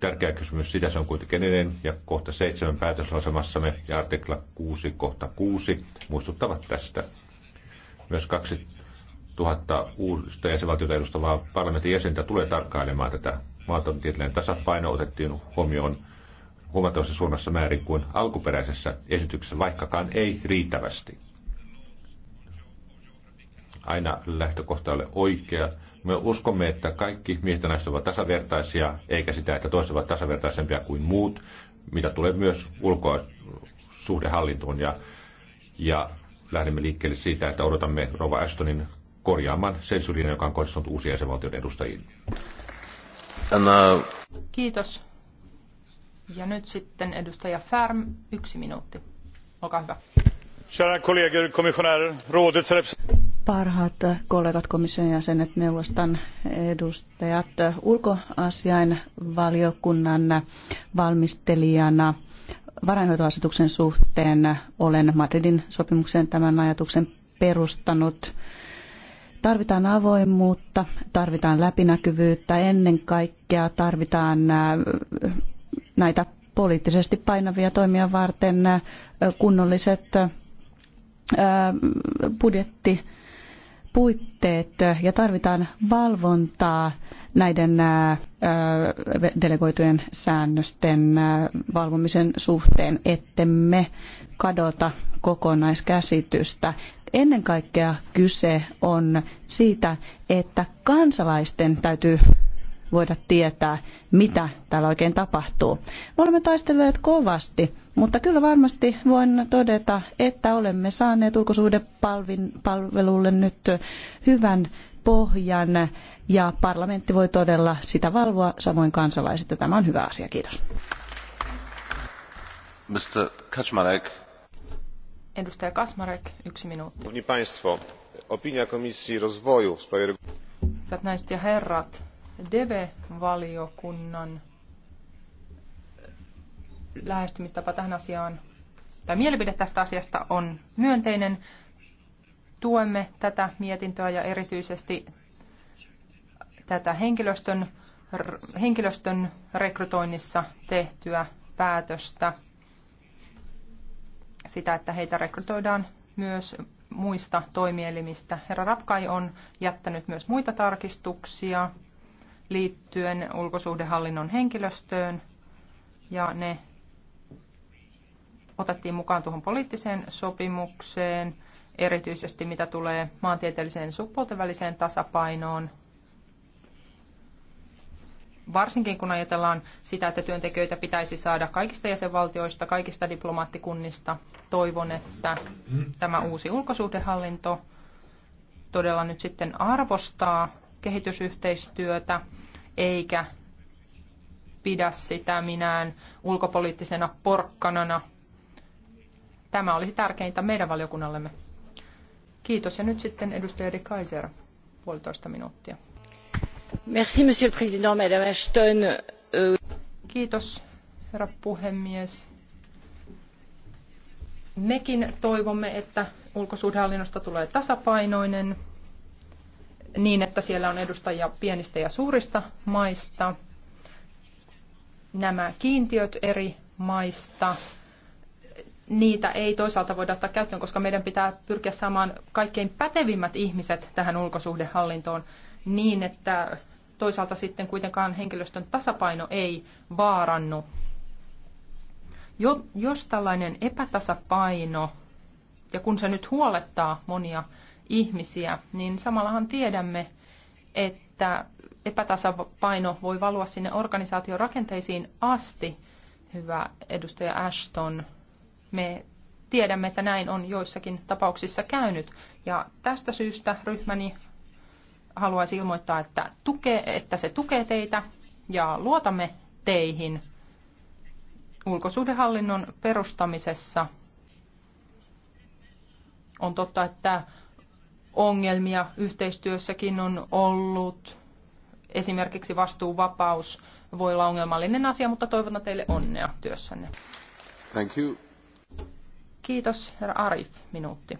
tärkeä kysymys, sitä se on kuitenkin edelleen, ja kohta seitsemän päätöslasemassamme ja artikla 6 kohta 6 muistuttavat tästä. Myös 2000 uutta jäsenvaltiota edustavaa parlamentin jäsentä tulee tarkkailemaan tätä Maantieteellinen tasapaino otettiin huomioon huomattavasti suunnassa määrin kuin alkuperäisessä esityksessä, vaikkakaan ei riittävästi. Aina lähtökohta ole oikea. Me uskomme, että kaikki miehet ja naiset ovat tasavertaisia, eikä sitä, että toiset ovat tasavertaisempia kuin muut, mitä tulee myös ulkoa suhdehallintoon ja, ja lähdemme liikkeelle siitä, että odotamme Rova Ashtonin korjaamaan sensuurin, joka on kohdistunut uusien jäsenvaltioiden edustajiin. Kiitos. Ja nyt sitten edustaja Färm, yksi minuutti. Olkaa hyvä. Kära kollegor, Parhaat kollegat, komission jäsenet, neuvoston edustajat, ulkoasiain valiokunnan valmistelijana – varainhoitoasetuksen suhteen olen Madridin sopimukseen tämän ajatuksen perustanut. Tarvitaan avoimuutta, tarvitaan läpinäkyvyyttä, ennen kaikkea tarvitaan äh, näitä poliittisesti painavia toimia varten äh, kunnolliset äh, budjetti puitteet ja tarvitaan valvontaa näiden äh, äh, delegoitujen säännösten äh, valvomisen suhteen, ettemme kadota kokonaiskäsitystä. Ennen kaikkea kyse on siitä, että kansalaisten täytyy voida tietää, mitä täällä oikein tapahtuu. Me olemme taistelleet kovasti, mutta kyllä varmasti voin todeta, että olemme saaneet ulkosuhdepalvelulle nyt hyvän pohjan ja parlamentti voi todella sitä valvoa, samoin kansalaiset, ja tämä on hyvä asia. Kiitos. Mr. Kaczmarek. Edustaja Kasmarek, yksi minuutti. Państwo, opinia Komisji Rozwoju w sprawie... Hyvät naiset ja herrat, DEVE-valiokunnan lähestymistapa tähän asiaan tai mielipide tästä asiasta on myönteinen. Tuemme tätä mietintöä ja erityisesti tätä henkilöstön, henkilöstön rekrytoinnissa tehtyä päätöstä. Sitä, että heitä rekrytoidaan myös muista toimielimistä. Herra Rapkai on jättänyt myös muita tarkistuksia liittyen ulkosuhdehallinnon henkilöstöön ja ne otettiin mukaan tuohon poliittiseen sopimukseen, erityisesti mitä tulee maantieteelliseen sukupuolten väliseen tasapainoon. Varsinkin kun ajatellaan sitä, että työntekijöitä pitäisi saada kaikista jäsenvaltioista, kaikista diplomaattikunnista, toivon, että tämä uusi ulkosuhdehallinto todella nyt sitten arvostaa kehitysyhteistyötä eikä pidä sitä minään ulkopoliittisena porkkanana. Tämä olisi tärkeintä meidän valiokunnallemme. Kiitos. Ja nyt sitten edustaja De Kaiser, puolitoista minuuttia. Merci, monsieur le président, madame Ashton. Euh, Kiitos, herra puhemies. Mekin toivomme, että ulkosuhdehallinnosta tulee tasapainoinen niin, että siellä on edustajia pienistä ja suurista maista. Nämä kiintiöt eri maista, niitä ei toisaalta voida ottaa käyttöön, koska meidän pitää pyrkiä saamaan kaikkein pätevimmät ihmiset tähän ulkosuhdehallintoon niin, että toisaalta sitten kuitenkaan henkilöstön tasapaino ei vaarannu. Jo, jos tällainen epätasapaino, ja kun se nyt huolettaa monia ihmisiä, niin samallahan tiedämme, että epätasapaino voi valua sinne organisaation rakenteisiin asti. Hyvä edustaja Ashton, me tiedämme, että näin on joissakin tapauksissa käynyt. Ja tästä syystä ryhmäni haluaisi ilmoittaa, että, tukee, että se tukee teitä ja luotamme teihin ulkosuhdehallinnon perustamisessa. On totta, että ongelmia yhteistyössäkin on ollut. Esimerkiksi vastuuvapaus voi olla ongelmallinen asia, mutta toivotan teille onnea työssänne. Thank you. Kiitos, herra Arif, minuutti.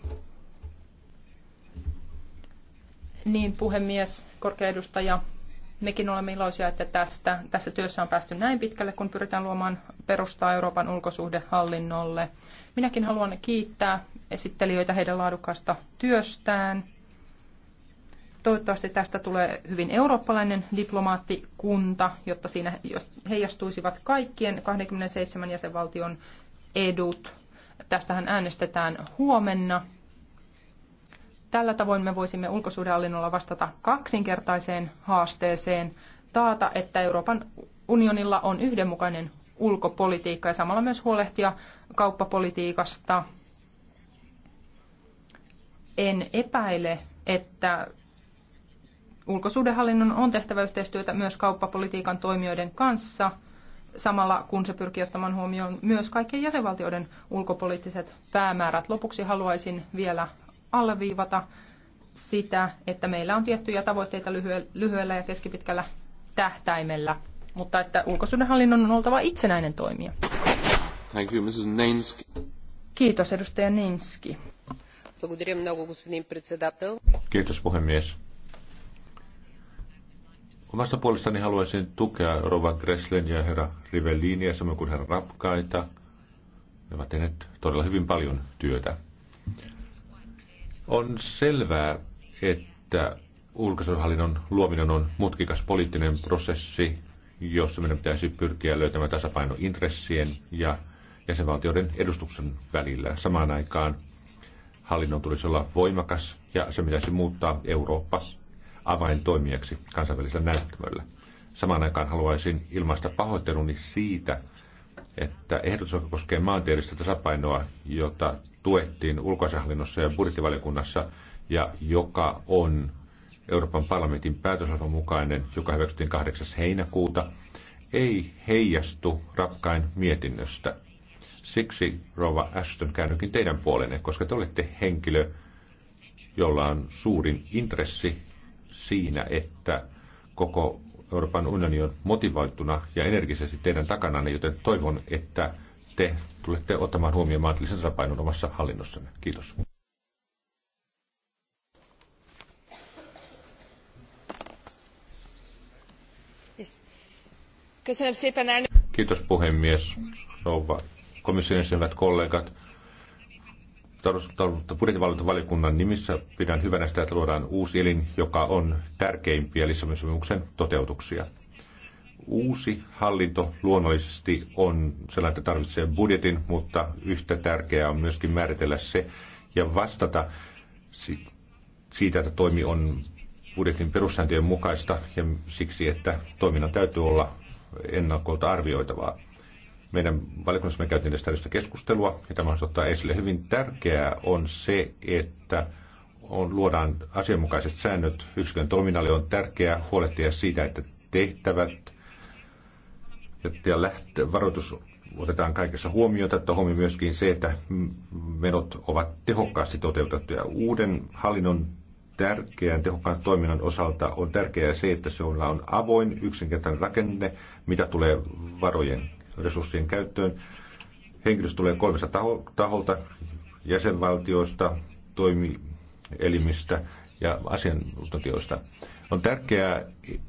Niin, puhemies, korkea edustaja, mekin olemme iloisia, että tästä, tässä työssä on päästy näin pitkälle, kun pyritään luomaan perustaa Euroopan ulkosuhdehallinnolle – Minäkin haluan kiittää esittelijöitä heidän laadukkaasta työstään. Toivottavasti tästä tulee hyvin eurooppalainen diplomaattikunta, jotta siinä heijastuisivat kaikkien 27 jäsenvaltion edut. Tästähän äänestetään huomenna. Tällä tavoin me voisimme ulkosuhdehallinnolla vastata kaksinkertaiseen haasteeseen, taata, että Euroopan unionilla on yhdenmukainen ulkopolitiikka ja samalla myös huolehtia kauppapolitiikasta. En epäile, että ulkosuhdehallinnon on tehtävä yhteistyötä myös kauppapolitiikan toimijoiden kanssa, samalla kun se pyrkii ottamaan huomioon myös kaikkien jäsenvaltioiden ulkopoliittiset päämäärät. Lopuksi haluaisin vielä alleviivata sitä, että meillä on tiettyjä tavoitteita lyhyellä ja keskipitkällä tähtäimellä mutta että ulkosuhdehallinnon on oltava itsenäinen toimija. Thank you, Mrs. Nainski. Kiitos, edustaja Nimski. Kiitos, puhemies. Omasta puolestani haluaisin tukea Rova Gresslen ja herra ja samoin kuin herra Rapkaita. Ne ovat tehneet todella hyvin paljon työtä. On selvää, että ulkoisuushallinnon luominen on mutkikas poliittinen prosessi, jossa meidän pitäisi pyrkiä löytämään tasapaino intressien ja jäsenvaltioiden edustuksen välillä. Samaan aikaan hallinnon tulisi olla voimakas ja se pitäisi muuttaa Eurooppa avaintoimijaksi kansainvälisellä näyttämöllä. Samaan aikaan haluaisin ilmaista pahoitteluni siitä, että ehdotus, joka koskee maantieteellistä tasapainoa, jota tuettiin ulkoasehallinnossa ja budjettivaliokunnassa, ja joka on Euroopan parlamentin päätöslauselman mukainen, joka hyväksyttiin 8. heinäkuuta, ei heijastu rakkain mietinnöstä. Siksi, Rova Ashton, käännynkin teidän puolenne, koska te olette henkilö, jolla on suurin intressi siinä, että koko Euroopan unioni on motivoituna ja energisesti teidän takananne, joten toivon, että te tulette ottamaan huomioon maantillisen tasapainon omassa hallinnossanne. Kiitos. Kiitos puhemies, rouva komission hyvät kollegat. Budjettivalvontavaliokunnan nimissä pidän hyvänä sitä, että luodaan uusi elin, joka on tärkeimpiä Lissabonin sopimuksen toteutuksia. Uusi hallinto luonnollisesti on sellainen, että tarvitsee budjetin, mutta yhtä tärkeää on myöskin määritellä se ja vastata siitä, että toimi on budjetin perussääntöjen mukaista ja siksi, että toiminnan täytyy olla ennakolta arvioitavaa. Meidän valiokunnassa me käytiin tästä keskustelua ja tämä ottaa esille. Hyvin tärkeää on se, että on, luodaan asianmukaiset säännöt yksikön toiminnalle. On tärkeää huolehtia siitä, että tehtävät ja lähtö, varoitus otetaan kaikessa huomioon, että huomioon myöskin se, että menot ovat tehokkaasti toteutettuja. Uuden hallinnon tärkeän tehokkaan toiminnan osalta on tärkeää se, että se on avoin, yksinkertainen rakenne, mitä tulee varojen, resurssien käyttöön. Henkilöstö tulee kolmesta taho, taholta, jäsenvaltioista, toimielimistä ja asiantuntijoista. On tärkeää,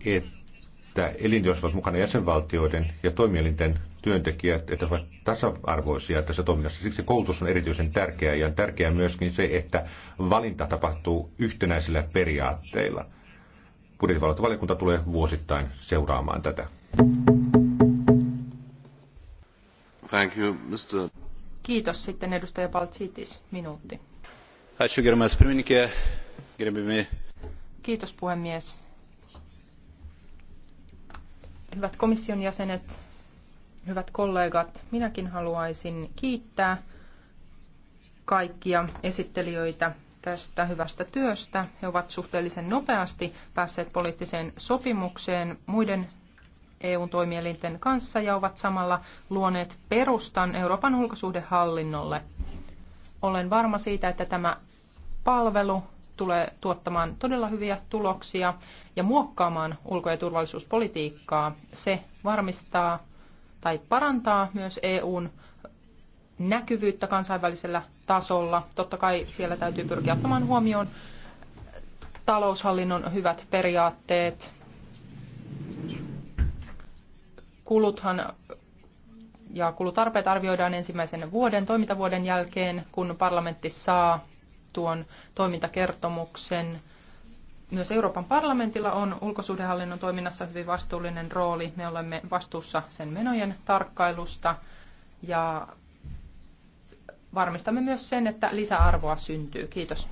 että elinet ovat mukana jäsenvaltioiden ja toimielinten työntekijät, että ovat tasa-arvoisia tässä toiminnassa. Siksi koulutus on erityisen tärkeää ja on tärkeää myöskin se, että valinta tapahtuu yhtenäisillä periaatteilla. Budjettivalvontavaliokunta tulee vuosittain seuraamaan tätä. Thank you, Mr. Kiitos sitten edustaja Paltsitis, minuutti. Kiitos puhemies. Hyvät komission jäsenet, Hyvät kollegat, minäkin haluaisin kiittää kaikkia esittelijöitä tästä hyvästä työstä. He ovat suhteellisen nopeasti päässeet poliittiseen sopimukseen muiden EU-toimielinten kanssa ja ovat samalla luoneet perustan Euroopan ulkosuhdehallinnolle. Olen varma siitä, että tämä palvelu tulee tuottamaan todella hyviä tuloksia ja muokkaamaan ulko- ja turvallisuuspolitiikkaa. Se varmistaa tai parantaa myös EUn näkyvyyttä kansainvälisellä tasolla. Totta kai siellä täytyy pyrkiä ottamaan huomioon taloushallinnon hyvät periaatteet. Kuluthan ja kulutarpeet arvioidaan ensimmäisen vuoden, toimintavuoden jälkeen, kun parlamentti saa tuon toimintakertomuksen – myös Euroopan parlamentilla on ulkosuhdehallinnon toiminnassa hyvin vastuullinen rooli. Me olemme vastuussa sen menojen tarkkailusta ja varmistamme myös sen, että lisäarvoa syntyy. Kiitos.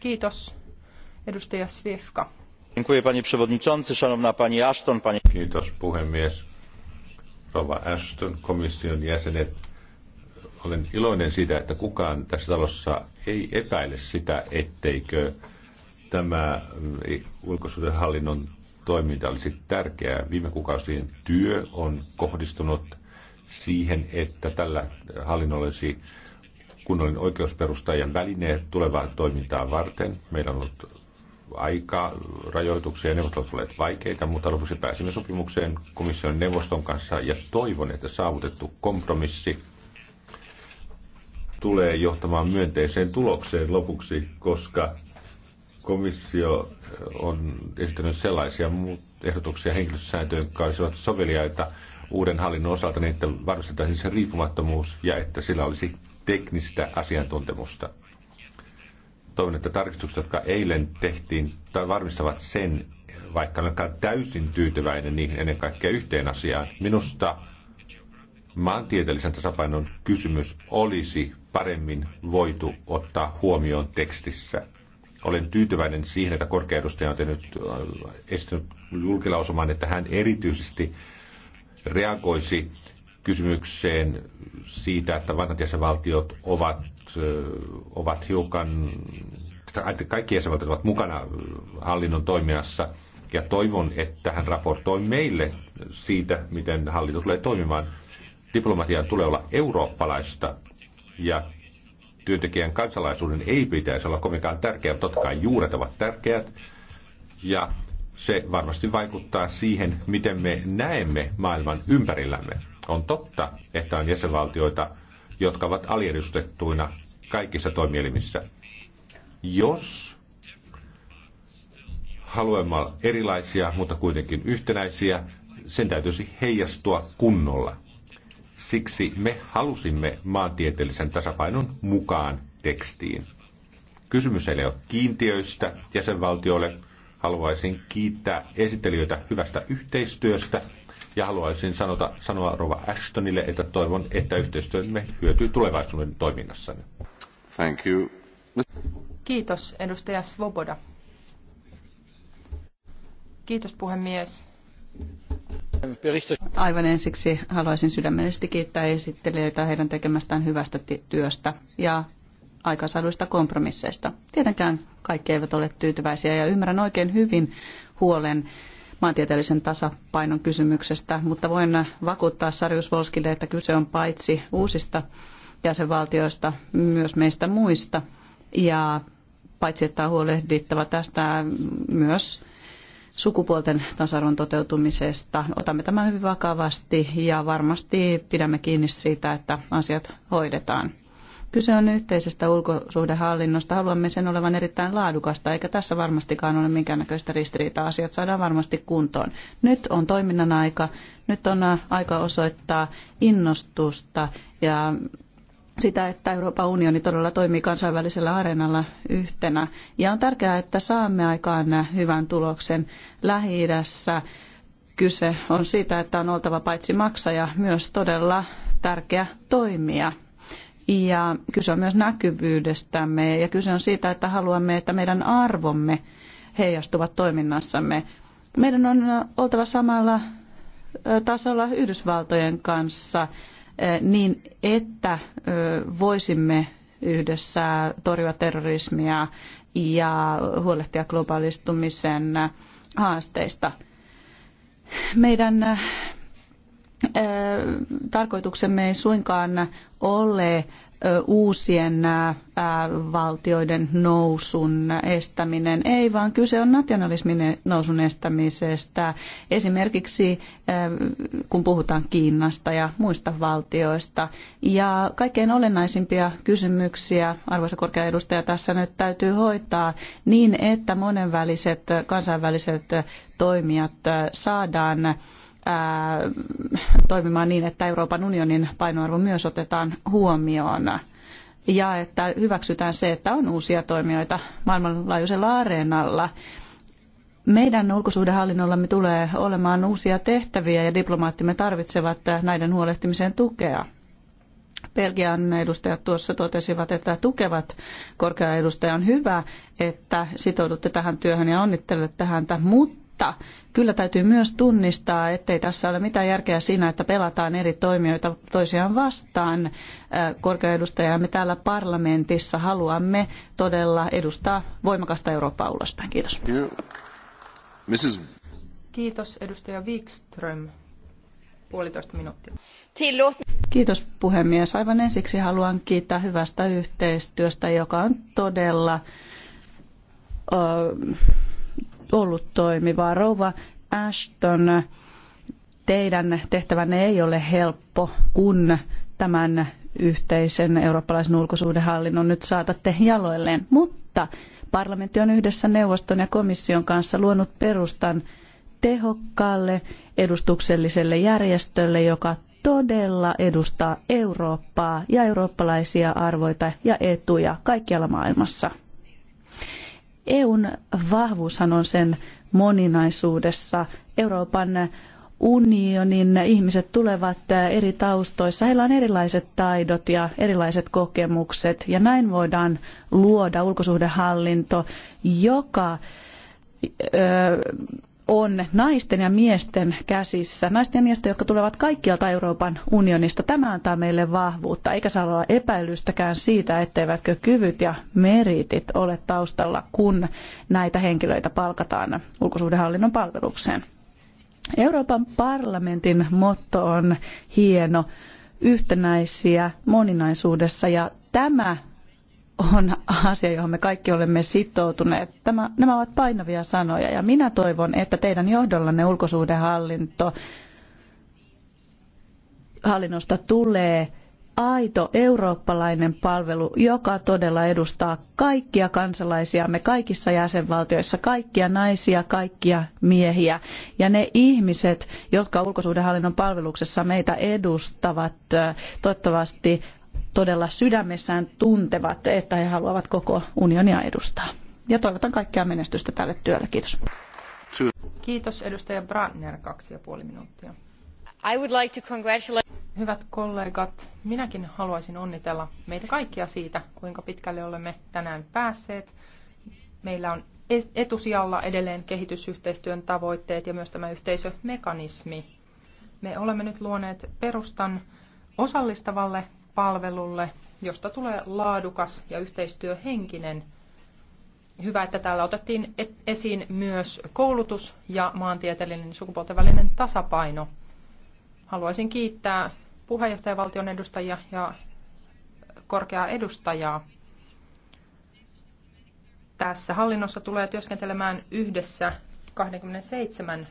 Kiitos. Edustaja Svifka. Dziękuję panie przewodniczący, szanowna pani Ashton, pani... Kiitos puhemies. Rova Ashton, komission jäsenet. Olen iloinen siitä, että kukaan tässä talossa ei epäile sitä, etteikö tämä mm, ulkosuhdehallinnon toiminta olisi tärkeää. Viime kuukausien työ on kohdistunut siihen, että tällä hallinnolla olisi kunnollinen oikeusperusta ja tulevaa toimintaa varten. Meillä on ollut aika rajoituksia ja neuvottelut olleet vaikeita, mutta lopuksi pääsimme sopimukseen komission neuvoston kanssa ja toivon, että saavutettu kompromissi tulee johtamaan myönteiseen tulokseen lopuksi, koska komissio on esittänyt sellaisia ehdotuksia henkilöstösääntöjen, jotka olisivat soveliaita uuden hallinnon osalta, niin että varmistetaan sen riippumattomuus ja että sillä olisi teknistä asiantuntemusta. Toivon, että tarkistukset, jotka eilen tehtiin, varmistavat sen, vaikka en täysin tyytyväinen niihin ennen kaikkea yhteen asiaan. Minusta maantieteellisen tasapainon kysymys olisi paremmin voitu ottaa huomioon tekstissä. Olen tyytyväinen siihen, että korkea edustaja on tehnyt, esittänyt julkilausumaan, että hän erityisesti reagoisi kysymykseen siitä, että vanhat jäsenvaltiot ovat, ovat hiukan, että kaikki jäsenvaltiot ovat mukana hallinnon toiminnassa ja toivon, että hän raportoi meille siitä, miten hallinto tulee toimimaan. Diplomatian tulee olla eurooppalaista ja työntekijän kansalaisuuden ei pitäisi olla kovinkaan tärkeä, mutta totta kai juuret ovat tärkeät. Ja se varmasti vaikuttaa siihen, miten me näemme maailman ympärillämme. On totta, että on jäsenvaltioita, jotka ovat aliedustettuina kaikissa toimielimissä. Jos haluamme erilaisia, mutta kuitenkin yhtenäisiä, sen täytyisi heijastua kunnolla. Siksi me halusimme maantieteellisen tasapainon mukaan tekstiin. Kysymys ei ole kiintiöistä jäsenvaltioille. Haluaisin kiittää esittelijöitä hyvästä yhteistyöstä ja haluaisin sanota, sanoa Rova Ashtonille, että toivon, että yhteistyömme hyötyy tulevaisuuden toiminnassanne. Thank you. Kiitos, edustaja Svoboda. Kiitos, puhemies. Aivan ensiksi haluaisin sydämellisesti kiittää esittelijöitä heidän tekemästään hyvästä työstä ja aikasaaduista kompromisseista. Tietenkään kaikki eivät ole tyytyväisiä ja ymmärrän oikein hyvin huolen maantieteellisen tasapainon kysymyksestä, mutta voin vakuuttaa Sarjus Volskille, että kyse on paitsi uusista jäsenvaltioista, myös meistä muista. Ja paitsi, että on huolehdittava tästä myös sukupuolten tasa-arvon toteutumisesta. Otamme tämän hyvin vakavasti ja varmasti pidämme kiinni siitä, että asiat hoidetaan. Kyse on yhteisestä ulkosuhdehallinnosta. Haluamme sen olevan erittäin laadukasta, eikä tässä varmastikaan ole minkäännäköistä ristiriitaa. Asiat saadaan varmasti kuntoon. Nyt on toiminnan aika. Nyt on aika osoittaa innostusta ja sitä, että Euroopan unioni todella toimii kansainvälisellä areenalla yhtenä. Ja on tärkeää, että saamme aikaan hyvän tuloksen lähi -idässä. Kyse on siitä, että on oltava paitsi maksaja, myös todella tärkeä toimija. Ja kyse on myös näkyvyydestämme ja kyse on siitä, että haluamme, että meidän arvomme heijastuvat toiminnassamme. Meidän on oltava samalla tasolla Yhdysvaltojen kanssa – niin, että voisimme yhdessä torjua terrorismia ja huolehtia globaalistumisen haasteista. Meidän tarkoituksemme ei suinkaan ole uusien valtioiden nousun estäminen. Ei, vaan kyse on nationalismin e- nousun estämisestä. Esimerkiksi kun puhutaan Kiinasta ja muista valtioista. Ja kaikkein olennaisimpia kysymyksiä, arvoisa korkea edustaja, tässä nyt täytyy hoitaa niin, että monenväliset kansainväliset toimijat saadaan toimimaan niin, että Euroopan unionin painoarvo myös otetaan huomioon ja että hyväksytään se, että on uusia toimijoita maailmanlaajuisella areenalla. Meidän ulkosuhdehallinnollamme tulee olemaan uusia tehtäviä ja diplomaattimme tarvitsevat näiden huolehtimiseen tukea. Belgian edustajat tuossa totesivat, että tukevat korkea edustaja on hyvä, että sitoudutte tähän työhön ja onnittelette häntä, mutta mutta kyllä täytyy myös tunnistaa, ettei tässä ole mitään järkeä siinä, että pelataan eri toimijoita toisiaan vastaan. me täällä parlamentissa haluamme todella edustaa voimakasta Eurooppaa ulospäin. Kiitos. Kiitos edustaja Wikström. Puolitoista minuuttia. Kiitos puhemies. Aivan ensiksi haluan kiittää hyvästä yhteistyöstä, joka on todella ollut toimivaa. Rouva Ashton, teidän tehtävänne ei ole helppo, kun tämän yhteisen eurooppalaisen ulkosuhdehallinnon nyt saatatte jaloilleen, mutta parlamentti on yhdessä neuvoston ja komission kanssa luonut perustan tehokkaalle edustukselliselle järjestölle, joka todella edustaa Eurooppaa ja eurooppalaisia arvoita ja etuja kaikkialla maailmassa. EUn vahvuushan on sen moninaisuudessa. Euroopan unionin ihmiset tulevat eri taustoissa, heillä on erilaiset taidot ja erilaiset kokemukset ja näin voidaan luoda ulkosuhdehallinto, joka on naisten ja miesten käsissä, naisten ja miesten, jotka tulevat kaikkialta Euroopan unionista. Tämä antaa meille vahvuutta, eikä saa olla epäilystäkään siitä, etteivätkö kyvyt ja meritit ole taustalla, kun näitä henkilöitä palkataan ulkosuhdehallinnon palvelukseen. Euroopan parlamentin motto on hieno, yhtenäisiä moninaisuudessa ja tämä on asia, johon me kaikki olemme sitoutuneet. Tämä, nämä ovat painavia sanoja ja minä toivon, että teidän johdollanne ulkosuhdehallinto hallinnosta tulee aito eurooppalainen palvelu, joka todella edustaa kaikkia kansalaisiamme kaikissa jäsenvaltioissa, kaikkia naisia, kaikkia miehiä. Ja ne ihmiset, jotka ulkosuhdehallinnon palveluksessa meitä edustavat, toivottavasti todella sydämessään tuntevat, että he haluavat koko unionia edustaa. Ja toivotan kaikkea menestystä tälle työlle. Kiitos. Kiitos edustaja Brandner, kaksi ja puoli minuuttia. I would like to congratulate... Hyvät kollegat, minäkin haluaisin onnitella meitä kaikkia siitä, kuinka pitkälle olemme tänään päässeet. Meillä on etusijalla edelleen kehitysyhteistyön tavoitteet ja myös tämä yhteisömekanismi. Me olemme nyt luoneet perustan osallistavalle palvelulle, josta tulee laadukas ja yhteistyöhenkinen. Hyvä, että täällä otettiin e- esiin myös koulutus ja maantieteellinen sukupuolten välinen tasapaino. Haluaisin kiittää puheenjohtajavaltion edustajia ja korkeaa edustajaa. Tässä hallinnossa tulee työskentelemään yhdessä 27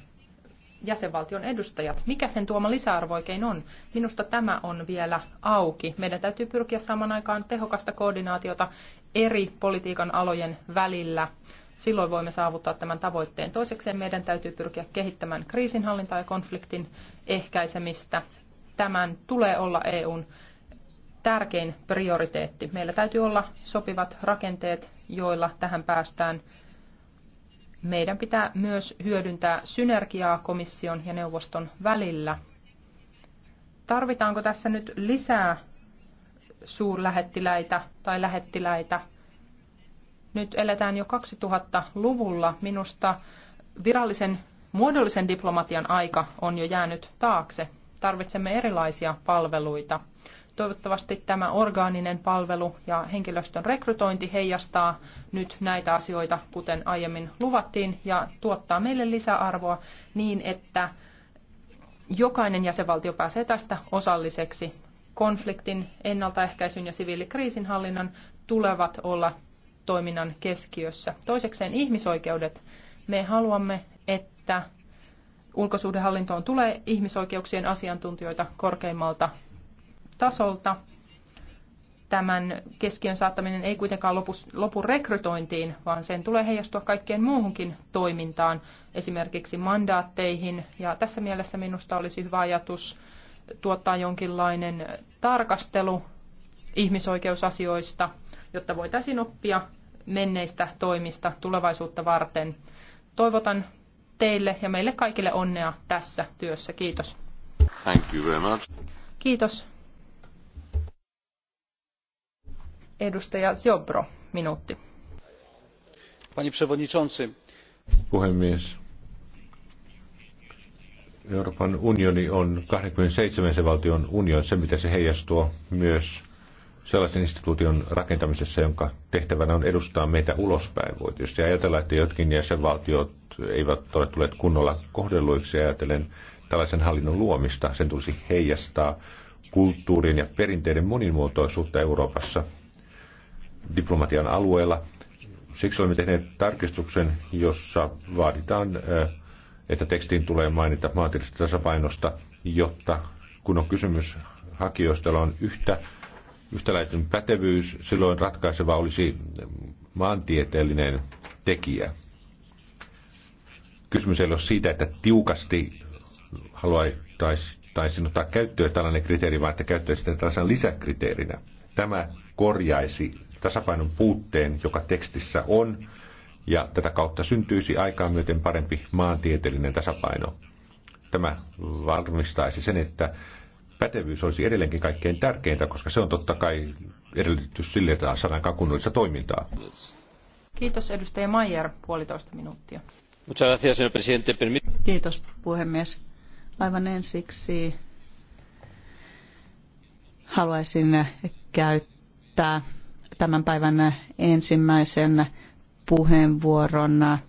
jäsenvaltion edustajat. Mikä sen tuoma lisäarvo oikein on? Minusta tämä on vielä auki. Meidän täytyy pyrkiä saman aikaan tehokasta koordinaatiota eri politiikan alojen välillä. Silloin voimme saavuttaa tämän tavoitteen. Toisekseen meidän täytyy pyrkiä kehittämään kriisinhallintaa ja konfliktin ehkäisemistä. Tämän tulee olla EUn tärkein prioriteetti. Meillä täytyy olla sopivat rakenteet, joilla tähän päästään – meidän pitää myös hyödyntää synergiaa komission ja neuvoston välillä. Tarvitaanko tässä nyt lisää suurlähettiläitä tai lähettiläitä? Nyt eletään jo 2000-luvulla. Minusta virallisen muodollisen diplomatian aika on jo jäänyt taakse. Tarvitsemme erilaisia palveluita. Toivottavasti tämä orgaaninen palvelu ja henkilöstön rekrytointi heijastaa nyt näitä asioita, kuten aiemmin luvattiin, ja tuottaa meille lisäarvoa niin, että jokainen jäsenvaltio pääsee tästä osalliseksi. Konfliktin, ennaltaehkäisyn ja siviilikriisinhallinnan tulevat olla toiminnan keskiössä. Toisekseen ihmisoikeudet. Me haluamme, että ulkosuhdehallintoon tulee ihmisoikeuksien asiantuntijoita korkeimmalta tasolta. Tämän keskiön saattaminen ei kuitenkaan lopu, lopu rekrytointiin, vaan sen tulee heijastua kaikkeen muuhunkin toimintaan, esimerkiksi mandaatteihin. Ja tässä mielessä minusta olisi hyvä ajatus tuottaa jonkinlainen tarkastelu ihmisoikeusasioista, jotta voitaisiin oppia menneistä toimista tulevaisuutta varten. Toivotan teille ja meille kaikille onnea tässä työssä. Kiitos. Thank you very much. Kiitos. Edustaja Panie przewodniczący. Puhemies. Euroopan unioni on kaksikymmentäseitsemän jäsenvaltion unioni se mitä se heijastuu myös sellaisen instituution rakentamisessa, jonka tehtävänä on edustaa meitä ulospäin. Voi tietysti ajatella, että jotkin jäsenvaltiot eivät ole tulleet kunnolla kohdelluiksi ajatellen tällaisen hallinnon luomista. Sen tulisi heijastaa kulttuurin ja perinteiden monimuotoisuutta Euroopassa diplomatian alueella. Siksi olemme tehneet tarkistuksen, jossa vaaditaan, että tekstiin tulee mainita maantieteellisestä tasapainosta, jotta kun on kysymys hakijoista, on yhtä yhtäläinen pätevyys, silloin ratkaiseva olisi maantieteellinen tekijä. Kysymys ei ole siitä, että tiukasti haluaisin ottaa käyttöön tällainen kriteeri, vaan että käyttöön sitä tällaisena lisäkriteerinä. Tämä korjaisi tasapainon puutteen, joka tekstissä on, ja tätä kautta syntyisi aikaa myöten parempi maantieteellinen tasapaino. Tämä varmistaisi sen, että pätevyys olisi edelleenkin kaikkein tärkeintä, koska se on totta kai edellytys sille, että saadaan kunnollista toimintaa. Kiitos edustaja Maier, puolitoista minuuttia. Kiitos puhemies. Aivan ensiksi haluaisin käyttää tämän päivän ensimmäisen puheenvuoron äh,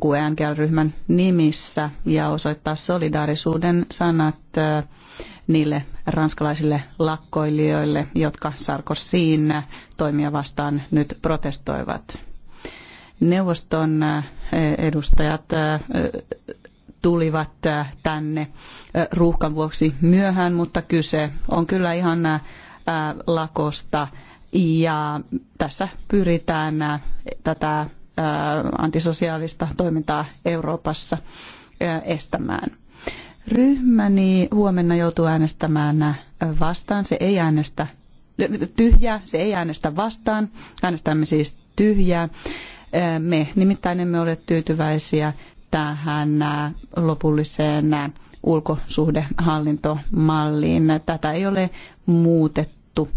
GUENGEL-ryhmän nimissä ja osoittaa solidaarisuuden sanat äh, niille ranskalaisille lakkoilijoille, jotka Sarkosiin toimia vastaan nyt protestoivat. Neuvoston äh, edustajat tulivat tänne ruuhkan vuoksi myöhään, mutta kyse on kyllä ihan lakosta ja tässä pyritään äh, tätä äh, antisosiaalista toimintaa Euroopassa äh, estämään. Ryhmäni huomenna joutuu äänestämään vastaan. Se ei äänestä tyhjää, se ei äänestä vastaan. Äänestämme siis tyhjää. Me nimittäin emme ole tyytyväisiä tähän lopulliseen ulkosuhdehallintomalliin. Tätä ei ole muutettu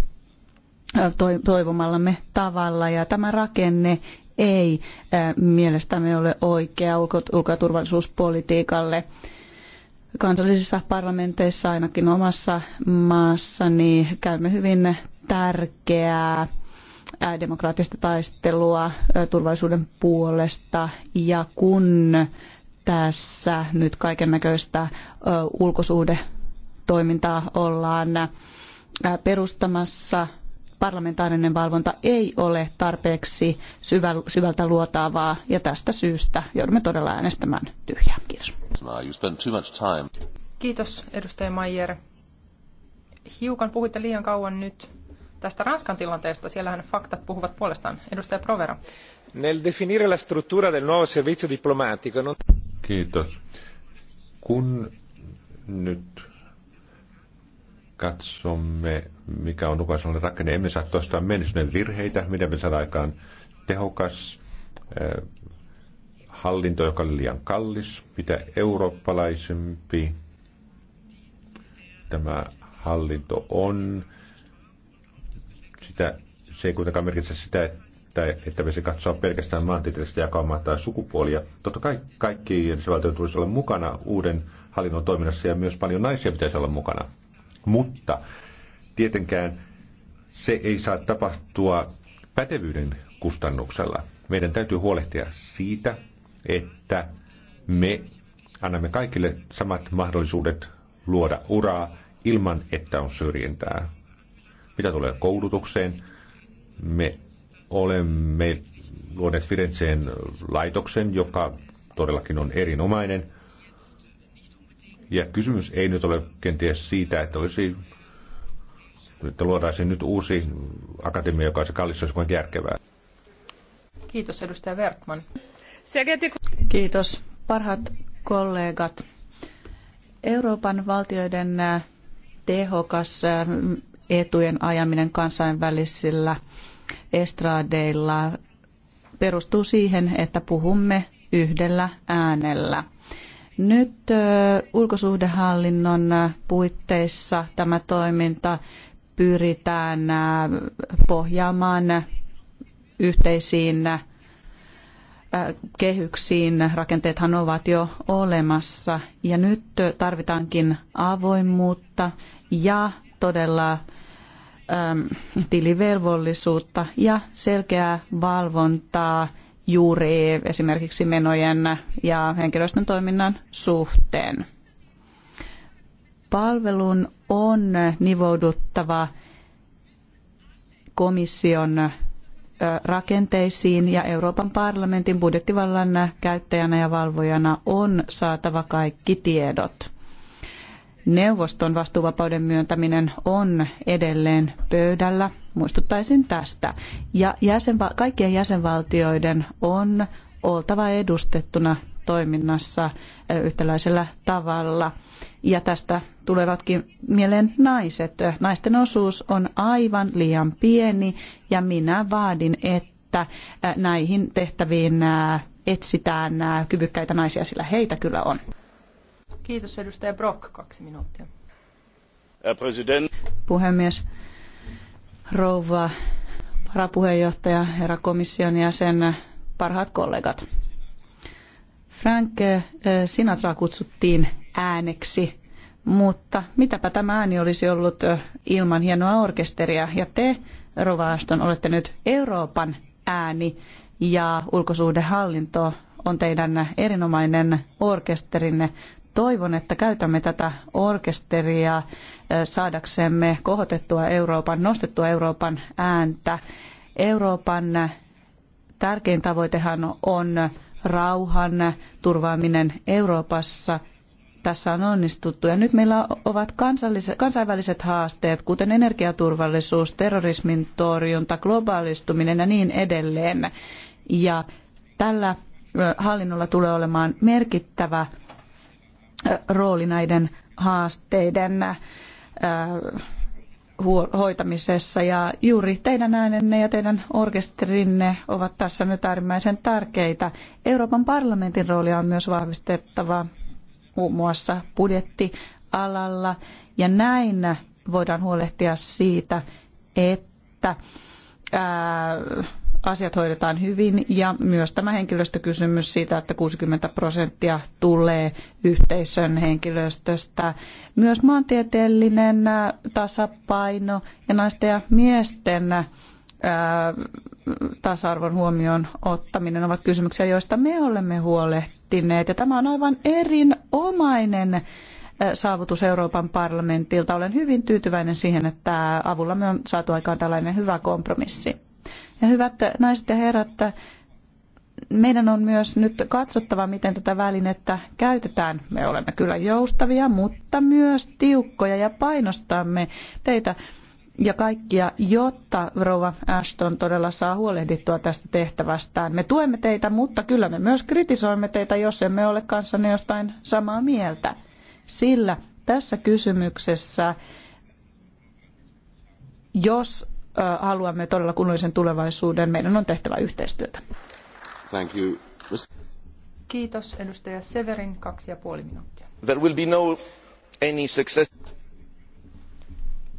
toivomallamme tavalla. Ja tämä rakenne ei mielestämme ole oikea ulko- ja turvallisuuspolitiikalle. Kansallisissa parlamenteissa, ainakin omassa maassani, käymme hyvin tärkeää demokraattista taistelua turvallisuuden puolesta. Ja kun tässä nyt kaiken näköistä ulkosuhdetoimintaa ollaan perustamassa parlamentaarinen valvonta ei ole tarpeeksi syvältä luotaavaa ja tästä syystä joudumme todella äänestämään tyhjää. Kiitos. Kiitos edustaja Maijer. Hiukan puhuitte liian kauan nyt tästä Ranskan tilanteesta. Siellähän faktat puhuvat puolestaan. Edustaja Provera. Nel definire la struttura del nuovo servizio diplomatico. Non... Kiitos. Kun nyt katsomme, mikä on Ukrainan rakenne, emme saa toistaa menestyneen virheitä, miten me saadaan aikaan tehokas äh, hallinto, joka oli liian kallis, mitä eurooppalaisempi tämä hallinto on. Sitä, se ei kuitenkaan merkitse sitä, että, että me se katsoa pelkästään maantieteellistä jakaumaa tai sukupuolia. Totta kai kaikki jäsenvaltiot tulisi olla mukana uuden hallinnon toiminnassa ja myös paljon naisia pitäisi olla mukana. Mutta tietenkään se ei saa tapahtua pätevyyden kustannuksella. Meidän täytyy huolehtia siitä, että me annamme kaikille samat mahdollisuudet luoda uraa ilman, että on syrjintää. Mitä tulee koulutukseen, me olemme luoneet Firenzeen laitoksen, joka todellakin on erinomainen. Ja kysymys ei nyt ole kenties siitä, että olisi että luodaisiin nyt uusi akatemia, joka olisi kallis, olisi kuin järkevää. Kiitos edustaja Wertman. Kiitos. Parhaat kollegat, Euroopan valtioiden tehokas etujen ajaminen kansainvälisillä estradeilla perustuu siihen, että puhumme yhdellä äänellä. Nyt ulkosuhdehallinnon puitteissa tämä toiminta pyritään pohjaamaan yhteisiin kehyksiin. Rakenteethan ovat jo olemassa ja nyt tarvitaankin avoimuutta ja todella tilivelvollisuutta ja selkeää valvontaa juuri esimerkiksi menojen ja henkilöstön toiminnan suhteen. Palvelun on nivouduttava komission rakenteisiin ja Euroopan parlamentin budjettivallan käyttäjänä ja valvojana on saatava kaikki tiedot. Neuvoston vastuuvapauden myöntäminen on edelleen pöydällä Muistuttaisin tästä. Ja jäsenva- kaikkien jäsenvaltioiden on oltava edustettuna toiminnassa yhtäläisellä tavalla. Ja tästä tulevatkin mieleen naiset. Naisten osuus on aivan liian pieni ja minä vaadin, että näihin tehtäviin etsitään kyvykkäitä naisia, sillä heitä kyllä on. Kiitos edustaja Brock, kaksi minuuttia. Puhemies, rouva varapuheenjohtaja, herra komission jäsen, parhaat kollegat. Frank eh, Sinatra kutsuttiin ääneksi, mutta mitäpä tämä ääni olisi ollut eh, ilman hienoa orkesteria. Ja te, Rova Aston, olette nyt Euroopan ääni ja ulkosuhdehallinto on teidän erinomainen orkesterinne toivon, että käytämme tätä orkesteria saadaksemme kohotettua Euroopan, nostettua Euroopan ääntä. Euroopan tärkein tavoitehan on rauhan turvaaminen Euroopassa. Tässä on onnistuttu. Ja nyt meillä ovat kansainväliset haasteet, kuten energiaturvallisuus, terrorismin torjunta, globaalistuminen ja niin edelleen. Ja tällä hallinnolla tulee olemaan merkittävä rooli näiden haasteiden äh, hoitamisessa ja juuri teidän äänenne ja teidän orkesterinne ovat tässä nyt äärimmäisen tärkeitä. Euroopan parlamentin roolia on myös vahvistettava muun muassa budjettialalla ja näin voidaan huolehtia siitä, että äh, asiat hoidetaan hyvin ja myös tämä henkilöstökysymys siitä, että 60 prosenttia tulee yhteisön henkilöstöstä. Myös maantieteellinen äh, tasapaino ja naisten ja miesten äh, tasa-arvon huomioon ottaminen ovat kysymyksiä, joista me olemme huolehtineet. Ja tämä on aivan erinomainen äh, saavutus Euroopan parlamentilta. Olen hyvin tyytyväinen siihen, että avulla me on saatu aikaan tällainen hyvä kompromissi. Ja hyvät naiset ja herrat, meidän on myös nyt katsottava, miten tätä välinettä käytetään. Me olemme kyllä joustavia, mutta myös tiukkoja ja painostamme teitä ja kaikkia, jotta rouva Ashton todella saa huolehdittua tästä tehtävästään. Me tuemme teitä, mutta kyllä me myös kritisoimme teitä, jos emme ole kanssanne jostain samaa mieltä. Sillä tässä kysymyksessä, jos haluamme todella kunnollisen tulevaisuuden, meidän on tehtävä yhteistyötä. Thank you. Kiitos edustaja Severin, kaksi ja puoli minuuttia. There will be no any success.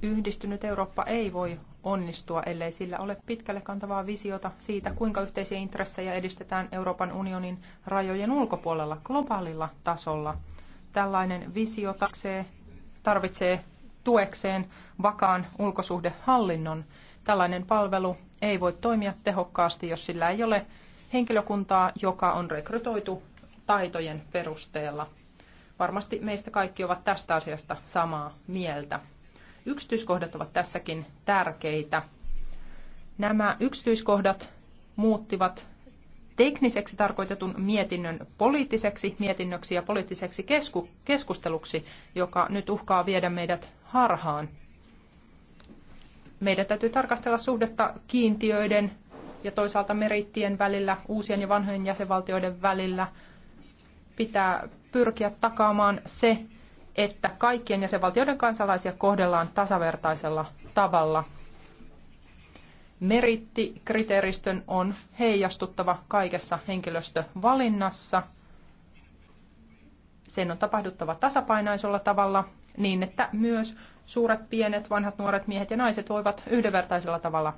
Yhdistynyt Eurooppa ei voi onnistua, ellei sillä ole pitkälle kantavaa visiota siitä, kuinka yhteisiä intressejä edistetään Euroopan unionin rajojen ulkopuolella globaalilla tasolla. Tällainen visio tarvitsee tuekseen vakaan ulkosuhdehallinnon. Tällainen palvelu ei voi toimia tehokkaasti, jos sillä ei ole henkilökuntaa, joka on rekrytoitu taitojen perusteella. Varmasti meistä kaikki ovat tästä asiasta samaa mieltä. Yksityiskohdat ovat tässäkin tärkeitä. Nämä yksityiskohdat muuttivat tekniseksi tarkoitetun mietinnön poliittiseksi mietinnöksi ja poliittiseksi kesku- keskusteluksi, joka nyt uhkaa viedä meidät harhaan meidän täytyy tarkastella suhdetta kiintiöiden ja toisaalta merittien välillä, uusien ja vanhojen jäsenvaltioiden välillä. Pitää pyrkiä takaamaan se, että kaikkien jäsenvaltioiden kansalaisia kohdellaan tasavertaisella tavalla. Merittikriteeristön on heijastuttava kaikessa henkilöstövalinnassa. Sen on tapahduttava tasapainoisella tavalla niin, että myös suuret, pienet, vanhat, nuoret miehet ja naiset voivat yhdenvertaisella tavalla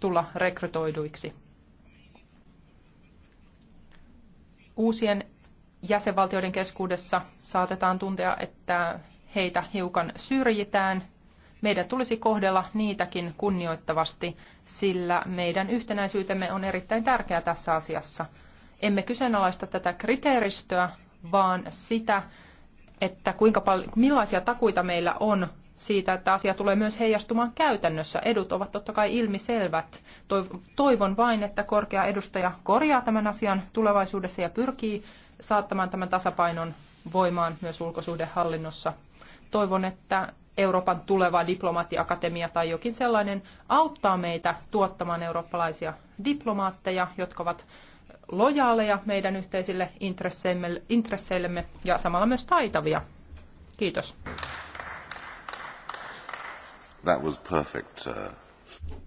tulla rekrytoiduiksi. Uusien jäsenvaltioiden keskuudessa saatetaan tuntea, että heitä hiukan syrjitään. Meidän tulisi kohdella niitäkin kunnioittavasti, sillä meidän yhtenäisyytemme on erittäin tärkeä tässä asiassa. Emme kyseenalaista tätä kriteeristöä, vaan sitä, että kuinka paljon, millaisia takuita meillä on siitä, että asia tulee myös heijastumaan käytännössä. Edut ovat totta kai ilmiselvät. Toivon vain, että korkea edustaja korjaa tämän asian tulevaisuudessa ja pyrkii saattamaan tämän tasapainon voimaan myös ulkosuhdehallinnossa. Toivon, että Euroopan tuleva diplomaattiakatemia tai jokin sellainen auttaa meitä tuottamaan eurooppalaisia diplomaatteja, jotka ovat lojaaleja meidän yhteisille intresseillemme ja samalla myös taitavia. Kiitos. That was perfect, sir.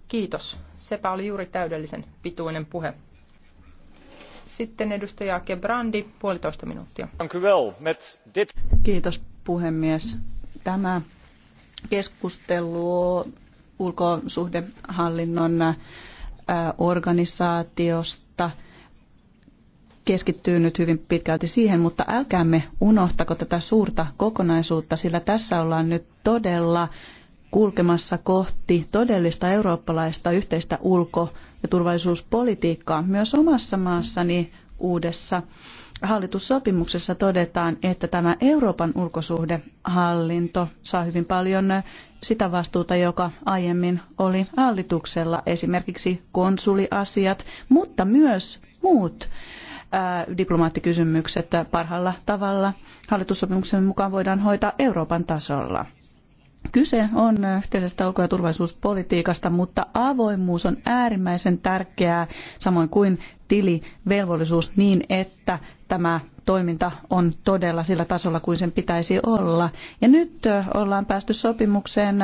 Kiitos. Sepä oli juuri täydellisen pituinen puhe. Sitten edustaja Kebrandi, puolitoista minuuttia. Kiitos puhemies. Tämä keskustelu ulkosuhdehallinnon organisaatiosta – keskittyy nyt hyvin pitkälti siihen, mutta älkäämme unohtako tätä suurta kokonaisuutta, sillä tässä ollaan nyt todella kulkemassa kohti todellista eurooppalaista yhteistä ulko- ja turvallisuuspolitiikkaa. Myös omassa maassani uudessa hallitussopimuksessa todetaan, että tämä Euroopan ulkosuhdehallinto saa hyvin paljon sitä vastuuta, joka aiemmin oli hallituksella, esimerkiksi konsuliasiat, mutta myös muut diplomaattikysymykset parhaalla tavalla hallitussopimuksen mukaan voidaan hoitaa Euroopan tasolla. Kyse on yhteisestä ulko- ja turvallisuuspolitiikasta, mutta avoimuus on äärimmäisen tärkeää, samoin kuin tilivelvollisuus niin, että tämä toiminta on todella sillä tasolla kuin sen pitäisi olla. Ja nyt ollaan päästy sopimukseen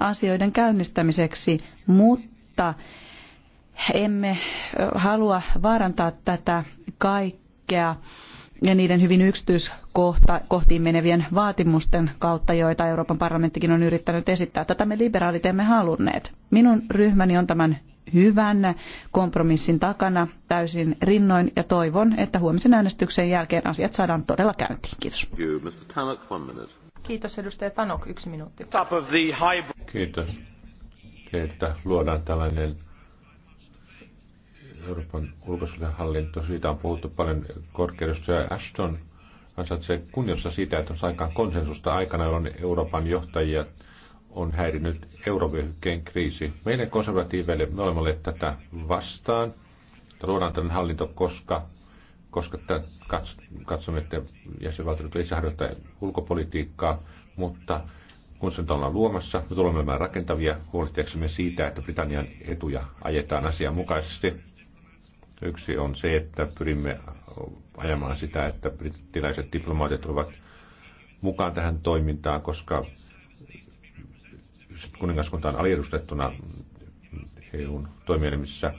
asioiden käynnistämiseksi, mutta emme halua vaarantaa tätä kaikkea ja niiden hyvin yksityiskohtiin menevien vaatimusten kautta, joita Euroopan parlamenttikin on yrittänyt esittää. Tätä me liberaalit emme halunneet. Minun ryhmäni on tämän hyvän kompromissin takana täysin rinnoin ja toivon, että huomisen äänestyksen jälkeen asiat saadaan todella käyntiin. Kiitos. Kiitos edustaja Tanok, yksi minuutti. Kiitos, että luodaan tällainen Euroopan hallinto siitä on puhuttu paljon korkeudesta. Ashton ansaitsee kunniossa siitä, että on aikaan konsensusta aikana, jolloin Euroopan johtajia on häirinyt eurovyöhykkeen kriisi. Meille konservatiiveille me olemme olleet tätä vastaan. Luodaan tämän hallinto, koska, koska katsomme, että jäsenvaltiot ei harjoittaa ulkopolitiikkaa, mutta kun sen ollaan luomassa, me tulemme olemaan rakentavia huolehtiaksemme siitä, että Britannian etuja ajetaan asianmukaisesti. Yksi on se, että pyrimme ajamaan sitä, että brittiläiset diplomaatit ovat mukaan tähän toimintaan, koska kuningaskunta on aliedustettuna EUn toimielimissä.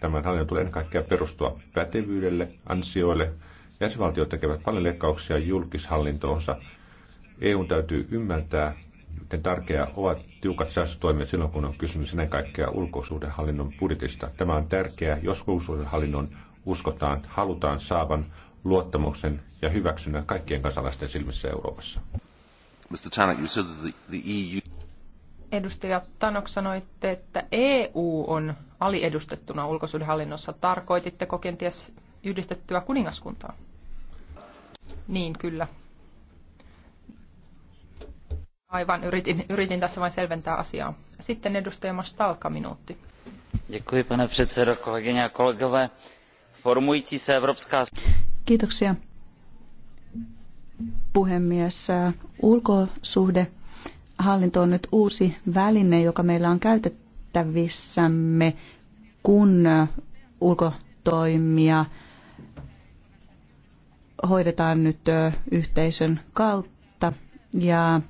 Tämän hallinnon tulee ennen kaikkea perustua pätevyydelle, ansioille. Jäsenvaltiot tekevät paljon leikkauksia julkishallintoonsa. EUn täytyy ymmärtää, miten tärkeää ovat tiukat säästötoimet silloin, kun on kysymys ennen kaikkea ulkosuhdehallinnon budjetista. Tämä on tärkeää, jos ulkosuhdehallinnon uskotaan, halutaan saavan luottamuksen ja hyväksynnän kaikkien kansalaisten silmissä Euroopassa. Mr. Tannock, you said that the, EU... E Edustaja Tanok, sanoitte, että EU on aliedustettuna ulkosuhdehallinnossa. Tarkoititteko kenties yhdistettyä kuningaskuntaa? Niin, kyllä. Aivan, yritin, yritin tässä vain selventää asiaa. Sitten edustaja Mastalka minuutti. Děkuji, pane předsedo, kolegyně a kolegové. Formující se evropská... Kiitoksia, puhemies. Ulkosuhde hallinto on nyt uusi väline, joka meillä on käytettävissämme, kun ulkotoimia hoidetaan nyt yhteisön kautta. Ja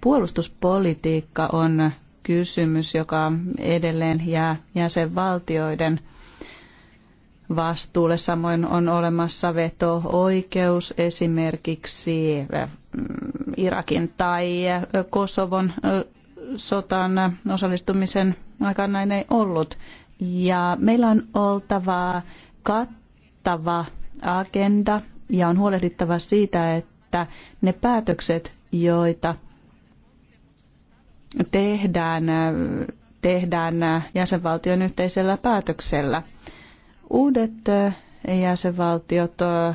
puolustuspolitiikka on kysymys, joka edelleen jää jäsenvaltioiden vastuulle. Samoin on olemassa veto-oikeus esimerkiksi eh, mm, Irakin tai eh, Kosovon eh, sotaan osallistumisen aikaan näin ei ollut. Ja meillä on oltava kattava agenda ja on huolehdittava siitä, että ne päätökset, joita – tehdään, tehdään jäsenvaltion yhteisellä päätöksellä. Uudet jäsenvaltiot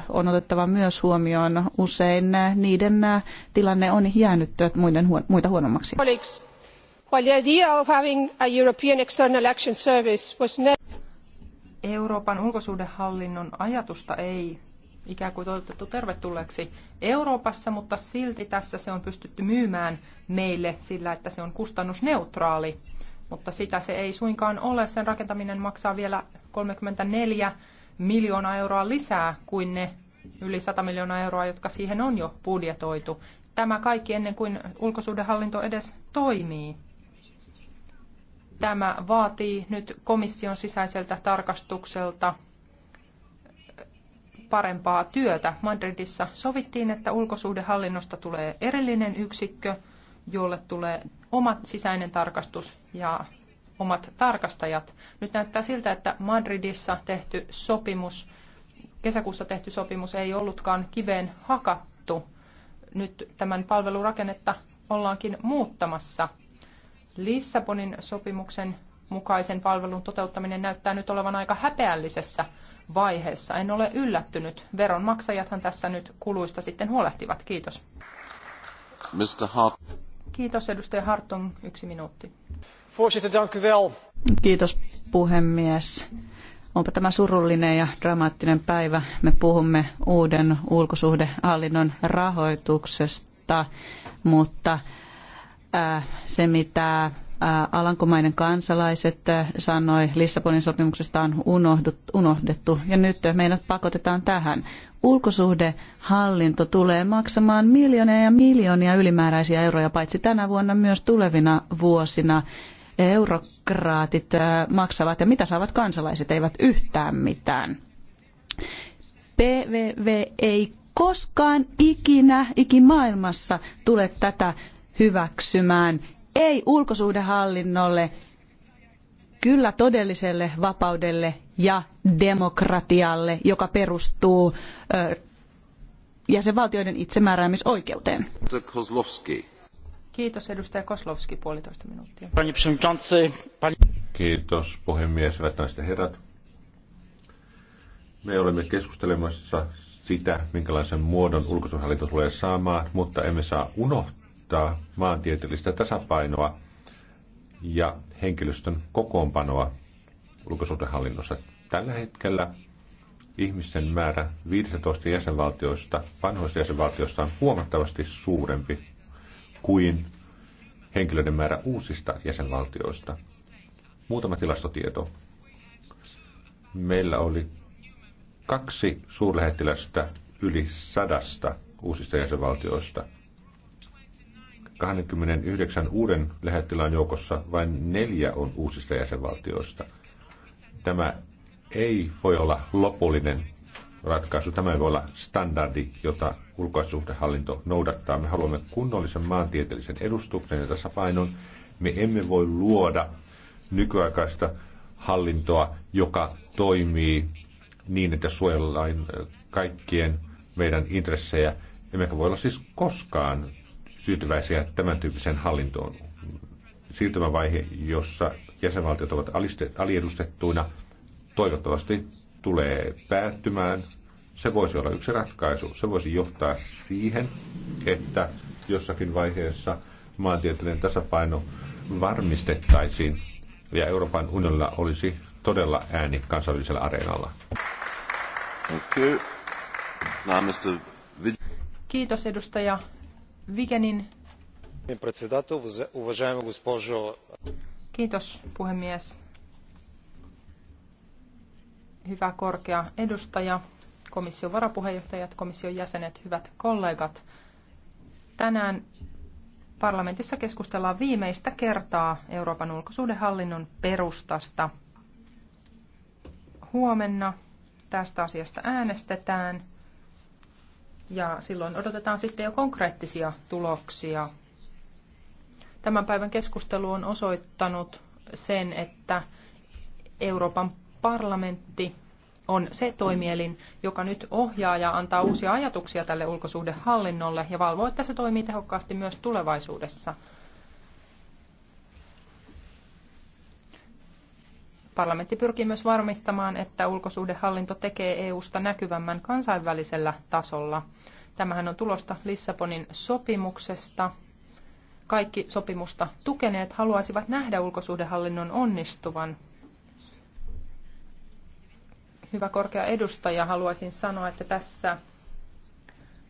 on otettava myös huomioon. Usein niiden tilanne on jäänyt muiden, muita huonommaksi. Euroopan ulkosuudenhallinnon ajatusta ei ikään kuin toivotettu tervetulleeksi Euroopassa, mutta silti tässä se on pystytty myymään meille sillä, että se on kustannusneutraali. Mutta sitä se ei suinkaan ole. Sen rakentaminen maksaa vielä 34 miljoonaa euroa lisää kuin ne yli 100 miljoonaa euroa, jotka siihen on jo budjetoitu. Tämä kaikki ennen kuin ulkosuhdehallinto edes toimii. Tämä vaatii nyt komission sisäiseltä tarkastukselta parempaa työtä. Madridissa sovittiin, että ulkosuhdehallinnosta tulee erillinen yksikkö, jolle tulee omat sisäinen tarkastus ja omat tarkastajat. Nyt näyttää siltä, että Madridissa tehty sopimus, kesäkuussa tehty sopimus ei ollutkaan kiveen hakattu. Nyt tämän palvelurakennetta ollaankin muuttamassa. Lissabonin sopimuksen mukaisen palvelun toteuttaminen näyttää nyt olevan aika häpeällisessä vaiheessa. En ole yllättynyt. Veronmaksajathan tässä nyt kuluista sitten huolehtivat. Kiitos. Mr. Hart. Kiitos edustaja Hartung Yksi minuutti. Voorzitter, dank u wel. Kiitos puhemies. Onpa tämä surullinen ja dramaattinen päivä. Me puhumme uuden ulkosuhdehallinnon rahoituksesta, mutta se mitä Alankomaiden kansalaiset sanoi Lissabonin sopimuksesta on unohdettu ja nyt meidät pakotetaan tähän. Ulkosuhdehallinto tulee maksamaan miljoonia ja miljoonia ylimääräisiä euroja paitsi tänä vuonna myös tulevina vuosina. Eurokraatit maksavat ja mitä saavat kansalaiset, eivät yhtään mitään. PVV ei koskaan ikinä ikimaailmassa tule tätä hyväksymään ei ulkosuhdehallinnolle, kyllä todelliselle vapaudelle ja demokratialle, joka perustuu jäsenvaltioiden itsemääräämisoikeuteen. Kiitos edustaja Koslovski, puolitoista minuuttia. Kiitos puhemies, hyvät naiset ja herrat. Me olemme keskustelemassa sitä, minkälaisen muodon ulkosuhdehallinto tulee saamaan, mutta emme saa unohtaa, muuttaa maantieteellistä tasapainoa ja henkilöstön kokoonpanoa ulkosuhdehallinnossa. Tällä hetkellä ihmisten määrä 15 jäsenvaltioista, vanhoista jäsenvaltioista on huomattavasti suurempi kuin henkilöiden määrä uusista jäsenvaltioista. Muutama tilastotieto. Meillä oli kaksi suurlähettilästä yli sadasta uusista jäsenvaltioista – 29 uuden lähettilään joukossa vain neljä on uusista jäsenvaltioista. Tämä ei voi olla lopullinen ratkaisu. Tämä ei voi olla standardi, jota ulkoasuhdehallinto noudattaa. Me haluamme kunnollisen maantieteellisen edustuksen ja tasapainon. Me emme voi luoda nykyaikaista hallintoa, joka toimii niin, että suojellaan kaikkien meidän intressejä. Emmekä voi olla siis koskaan tyytyväisiä tämän tyyppiseen hallintoon. Siirtymävaihe, jossa jäsenvaltiot ovat aliedustettuina, toivottavasti tulee päättymään. Se voisi olla yksi ratkaisu. Se voisi johtaa siihen, että jossakin vaiheessa maantieteellinen tasapaino varmistettaisiin ja Euroopan unionilla olisi todella ääni kansallisella areenalla. Kiitos edustaja Vigenin. Kiitos puhemies. Hyvä korkea edustaja, komission varapuheenjohtajat, komission jäsenet, hyvät kollegat. Tänään parlamentissa keskustellaan viimeistä kertaa Euroopan ulkosuudenhallinnon perustasta. Huomenna tästä asiasta äänestetään ja silloin odotetaan sitten jo konkreettisia tuloksia. Tämän päivän keskustelu on osoittanut sen, että Euroopan parlamentti on se toimielin, joka nyt ohjaa ja antaa uusia ajatuksia tälle ulkosuhdehallinnolle ja valvoo, että se toimii tehokkaasti myös tulevaisuudessa. Parlamentti pyrkii myös varmistamaan, että ulkosuhdehallinto tekee EUsta näkyvämmän kansainvälisellä tasolla. Tämähän on tulosta Lissabonin sopimuksesta. Kaikki sopimusta tukeneet haluaisivat nähdä ulkosuhdehallinnon onnistuvan. Hyvä korkea edustaja, haluaisin sanoa, että tässä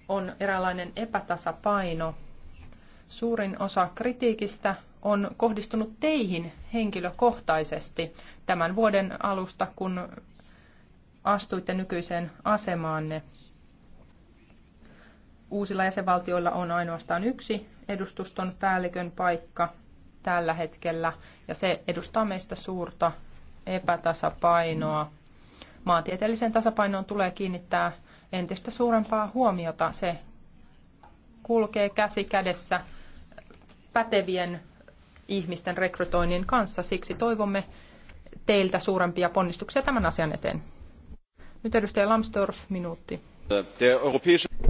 on eräänlainen epätasapaino. Suurin osa kritiikistä on kohdistunut teihin henkilökohtaisesti tämän vuoden alusta, kun astuitte nykyiseen asemaanne. Uusilla jäsenvaltioilla on ainoastaan yksi edustuston päällikön paikka tällä hetkellä, ja se edustaa meistä suurta epätasapainoa. Maantieteelliseen tasapainoon tulee kiinnittää entistä suurempaa huomiota. Se kulkee käsi kädessä pätevien ihmisten rekrytoinnin kanssa. Siksi toivomme teiltä suurempia ponnistuksia tämän asian eteen. Nyt edustaja Lambsdorff, minuutti.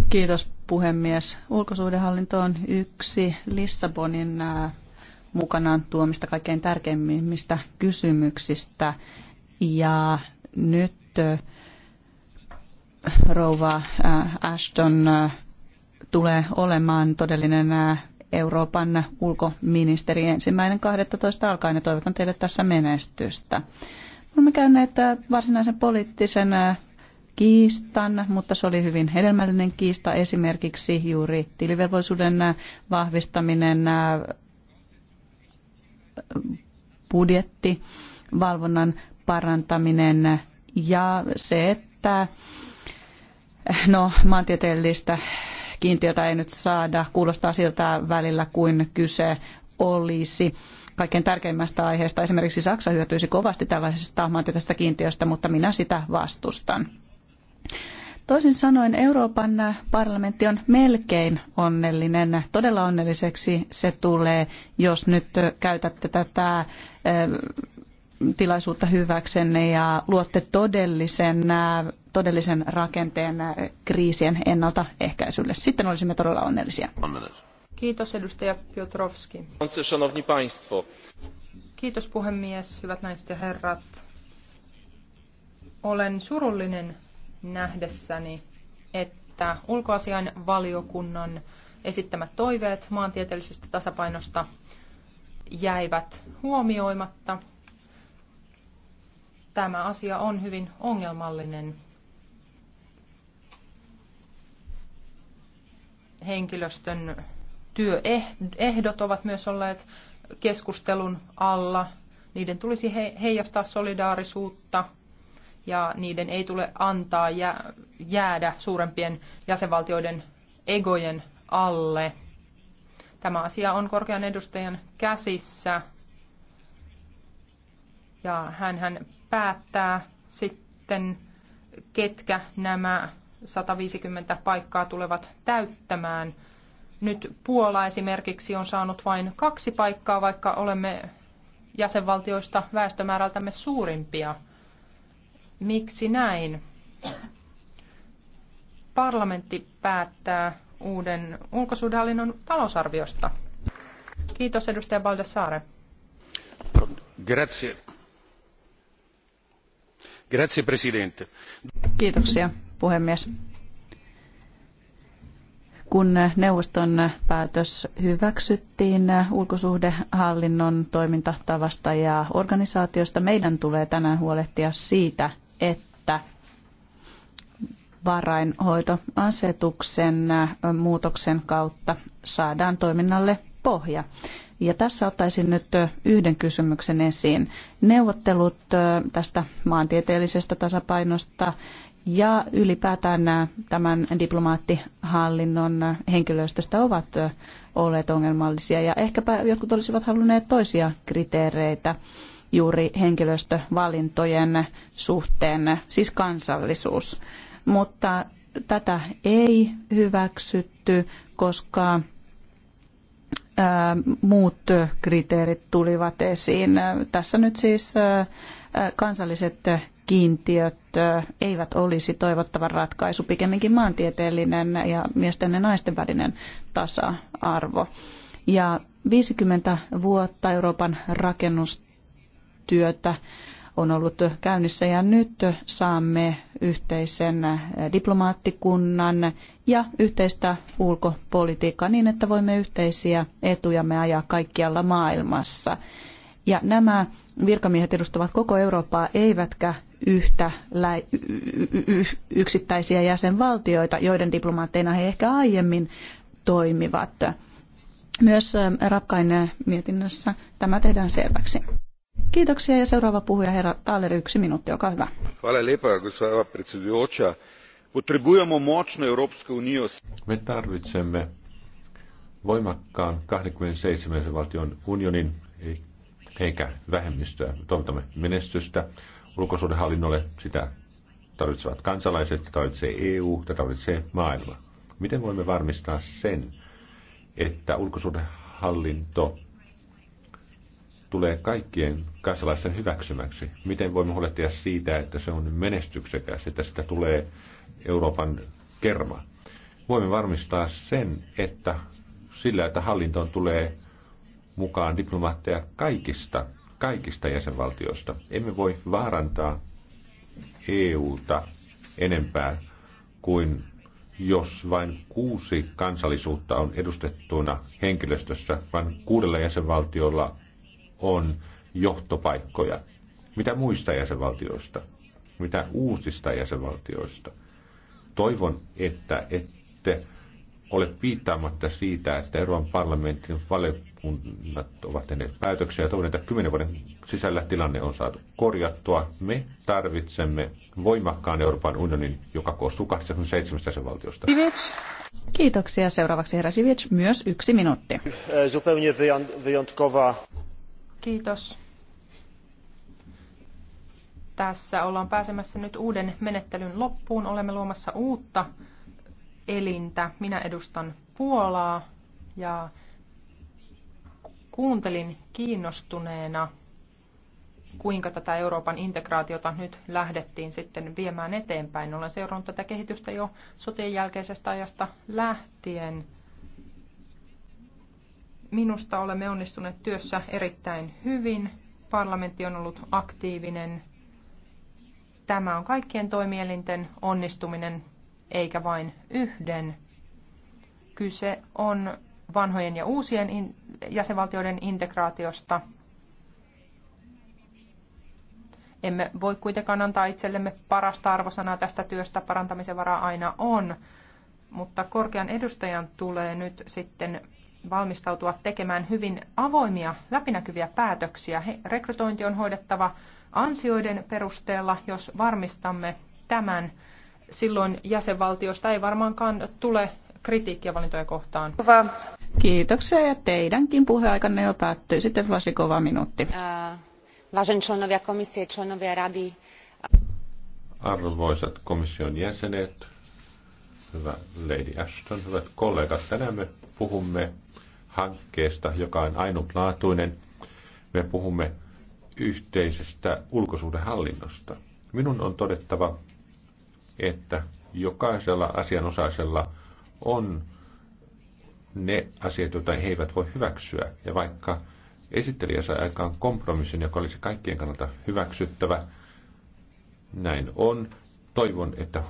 Kiitos puhemies. Ulkosuhdehallinto on yksi Lissabonin äh, mukanaan tuomista kaikkein tärkeimmistä kysymyksistä. Ja nyt äh, rouva äh, Ashton tulee olemaan todellinen Euroopan ulkoministeri ensimmäinen 12. alkaen ja toivotan teille tässä menestystä. Olemme käyneet äh, varsinaisen poliittisen äh, kiistan, mutta se oli hyvin hedelmällinen kiista esimerkiksi juuri tilivelvollisuuden äh, vahvistaminen budjetti, valvonnan parantaminen ja se, että no, maantieteellistä kiintiötä ei nyt saada. Kuulostaa siltä välillä kuin kyse olisi kaikkein tärkeimmästä aiheesta. Esimerkiksi Saksa hyötyisi kovasti tällaisesta maantieteestä kiintiöstä, mutta minä sitä vastustan. Toisin sanoen Euroopan parlamentti on melkein onnellinen. Todella onnelliseksi se tulee, jos nyt käytätte tätä eh, tilaisuutta hyväksenne ja luotte todellisen, äh, todellisen rakenteen äh, kriisien ennaltaehkäisylle. Sitten olisimme todella onnellisia. Kiitos edustaja Piotrowski. Kiitos puhemies, hyvät naiset ja herrat. Olen surullinen nähdessäni, että ulkoasian valiokunnan esittämät toiveet maantieteellisestä tasapainosta jäivät huomioimatta – tämä asia on hyvin ongelmallinen. Henkilöstön työehdot ovat myös olleet keskustelun alla. Niiden tulisi heijastaa solidaarisuutta ja niiden ei tule antaa jäädä suurempien jäsenvaltioiden egojen alle. Tämä asia on korkean edustajan käsissä ja hän hän päättää sitten, ketkä nämä 150 paikkaa tulevat täyttämään. Nyt Puola esimerkiksi on saanut vain kaksi paikkaa, vaikka olemme jäsenvaltioista väestömäärältämme suurimpia. Miksi näin? Parlamentti päättää uuden ulkosuhdehallinnon talousarviosta. Kiitos edustaja Baldessare. Grazie arvoisa Kiitoksia, puhemies. Kun neuvoston päätös hyväksyttiin ulkosuhdehallinnon toimintatavasta ja organisaatiosta, meidän tulee tänään huolehtia siitä, että varainhoitoasetuksen muutoksen kautta saadaan toiminnalle pohja. Ja tässä ottaisin nyt yhden kysymyksen esiin. Neuvottelut tästä maantieteellisestä tasapainosta ja ylipäätään tämän diplomaattihallinnon henkilöstöstä ovat olleet ongelmallisia ja ehkäpä jotkut olisivat halunneet toisia kriteereitä juuri henkilöstövalintojen suhteen, siis kansallisuus. Mutta tätä ei hyväksytty, koska muut kriteerit tulivat esiin. Tässä nyt siis kansalliset kiintiöt eivät olisi toivottava ratkaisu, pikemminkin maantieteellinen ja miesten ja naisten välinen tasa-arvo. Ja 50 vuotta Euroopan rakennustyötä on ollut käynnissä ja nyt saamme yhteisen diplomaattikunnan ja yhteistä ulkopolitiikkaa niin, että voimme yhteisiä etujamme ajaa kaikkialla maailmassa. Ja nämä virkamiehet edustavat koko Eurooppaa, eivätkä yhtä lä- yksittäisiä jäsenvaltioita, joiden diplomaatteina he ehkä aiemmin toimivat. Myös ähm, Rapkain mietinnössä tämä tehdään selväksi. Kiitoksia ja seuraava puhuja herra Taaleri, yksi minuutti, olkaa hyvä. Hvala lijepa, gospodina Potrebujemo močno Evropsko unijo. Me tarvitsemme voimakkaan 27 valtion unionin eikä vähemmistöä. Toivotamme menestystä ulkosuhdehallinnolle, sitä tarvitsevat kansalaiset, tarvitsee EU, tätä tarvitsee maailma. Miten voimme varmistaa sen, että ulkosuhdehallinto tulee kaikkien kansalaisten hyväksymäksi? Miten voimme huolehtia siitä, että se on menestyksekäs, että sitä tulee Euroopan kerma. Voimme varmistaa sen, että sillä, että hallintoon tulee mukaan diplomaatteja kaikista, kaikista jäsenvaltioista. Emme voi vaarantaa EUta enempää kuin jos vain kuusi kansallisuutta on edustettuna henkilöstössä, vaan kuudella jäsenvaltiolla on johtopaikkoja. Mitä muista jäsenvaltioista? Mitä uusista jäsenvaltioista? Toivon, että ette ole piittaamatta siitä, että Euroopan parlamentin valiokunnat ovat tehneet päätöksiä ja toivon, että kymmenen vuoden sisällä tilanne on saatu korjattua. Me tarvitsemme voimakkaan Euroopan unionin, joka koostuu 27 jäsenvaltiosta. Kiitoksia. Seuraavaksi herra Sivic, myös yksi minuutti. Kiitos tässä ollaan pääsemässä nyt uuden menettelyn loppuun. Olemme luomassa uutta elintä. Minä edustan Puolaa ja kuuntelin kiinnostuneena, kuinka tätä Euroopan integraatiota nyt lähdettiin sitten viemään eteenpäin. Olen seurannut tätä kehitystä jo sotien jälkeisestä ajasta lähtien. Minusta olemme onnistuneet työssä erittäin hyvin. Parlamentti on ollut aktiivinen Tämä on kaikkien toimielinten onnistuminen, eikä vain yhden. Kyse on vanhojen ja uusien jäsenvaltioiden integraatiosta. Emme voi kuitenkaan antaa itsellemme parasta arvosanaa tästä työstä, parantamisen varaa aina on, mutta korkean edustajan tulee nyt sitten valmistautua tekemään hyvin avoimia, läpinäkyviä päätöksiä. Rekrytointi on hoidettava ansioiden perusteella, jos varmistamme tämän, silloin jäsenvaltiosta ei varmaankaan tule kritiikkiä valintoja kohtaan. Hyvä. Kiitoksia ja teidänkin puheaikanne jo päättyy. Sitten Vlasikova minuutti. Arvoisat komission jäsenet, hyvä Lady Ashton, hyvät kollegat, tänään me puhumme hankkeesta, joka on ainutlaatuinen. Me puhumme yhteisestä ulkosuhdehallinnosta. Minun on todettava, että jokaisella asianosaisella on ne asiat, joita he eivät voi hyväksyä. Ja vaikka esittelijä sai aikaan kompromissin, joka olisi kaikkien kannalta hyväksyttävä, näin on. Toivon, että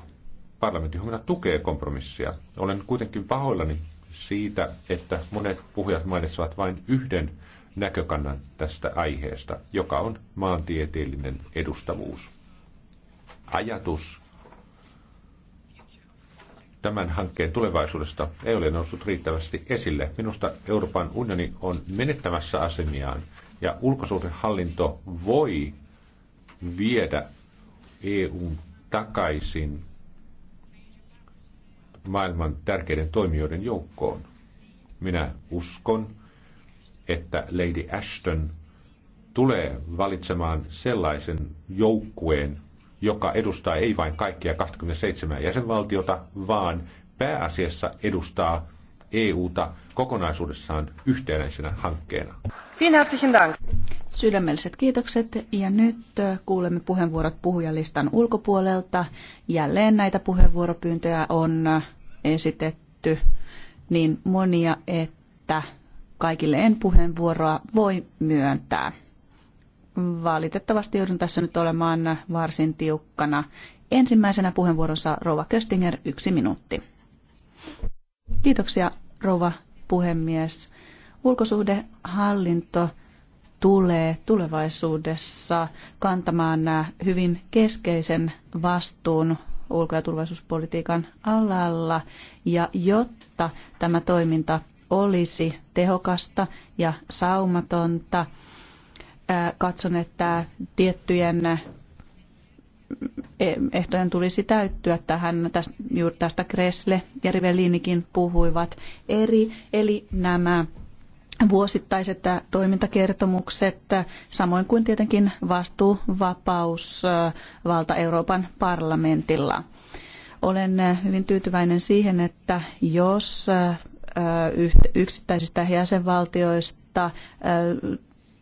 parlamentti huomenna tukee kompromissia. Olen kuitenkin pahoillani siitä, että monet puhujat mainitsevat vain yhden näkökannan tästä aiheesta, joka on maantieteellinen edustavuus. Ajatus tämän hankkeen tulevaisuudesta ei ole noussut riittävästi esille. Minusta Euroopan unioni on menettämässä asemiaan ja ulkosuhdehallinto voi viedä EUn takaisin maailman tärkeiden toimijoiden joukkoon. Minä uskon, että Lady Ashton tulee valitsemaan sellaisen joukkueen, joka edustaa ei vain kaikkia 27 jäsenvaltiota, vaan pääasiassa edustaa EUta kokonaisuudessaan yhtenäisenä hankkeena. Sydämelliset kiitokset ja nyt äh, kuulemme puheenvuorot puhujalistan ulkopuolelta. Jälleen näitä puheenvuoropyyntöjä on äh, esitetty niin monia, että kaikille en puheenvuoroa voi myöntää. Valitettavasti joudun tässä nyt olemaan varsin tiukkana. Ensimmäisenä puheenvuorossa Rova Köstinger, yksi minuutti. Kiitoksia Rova puhemies. Ulkosuhdehallinto tulee tulevaisuudessa kantamaan hyvin keskeisen vastuun ulko- ja turvallisuuspolitiikan alalla. Ja jotta tämä toiminta olisi tehokasta ja saumatonta. Katson, että tiettyjen ehtojen tulisi täyttyä tähän, tästä, juuri tästä Kresle ja Rivellinikin puhuivat eri, eli nämä vuosittaiset toimintakertomukset, samoin kuin tietenkin vastuuvapaus valta Euroopan parlamentilla. Olen hyvin tyytyväinen siihen, että jos yksittäisistä jäsenvaltioista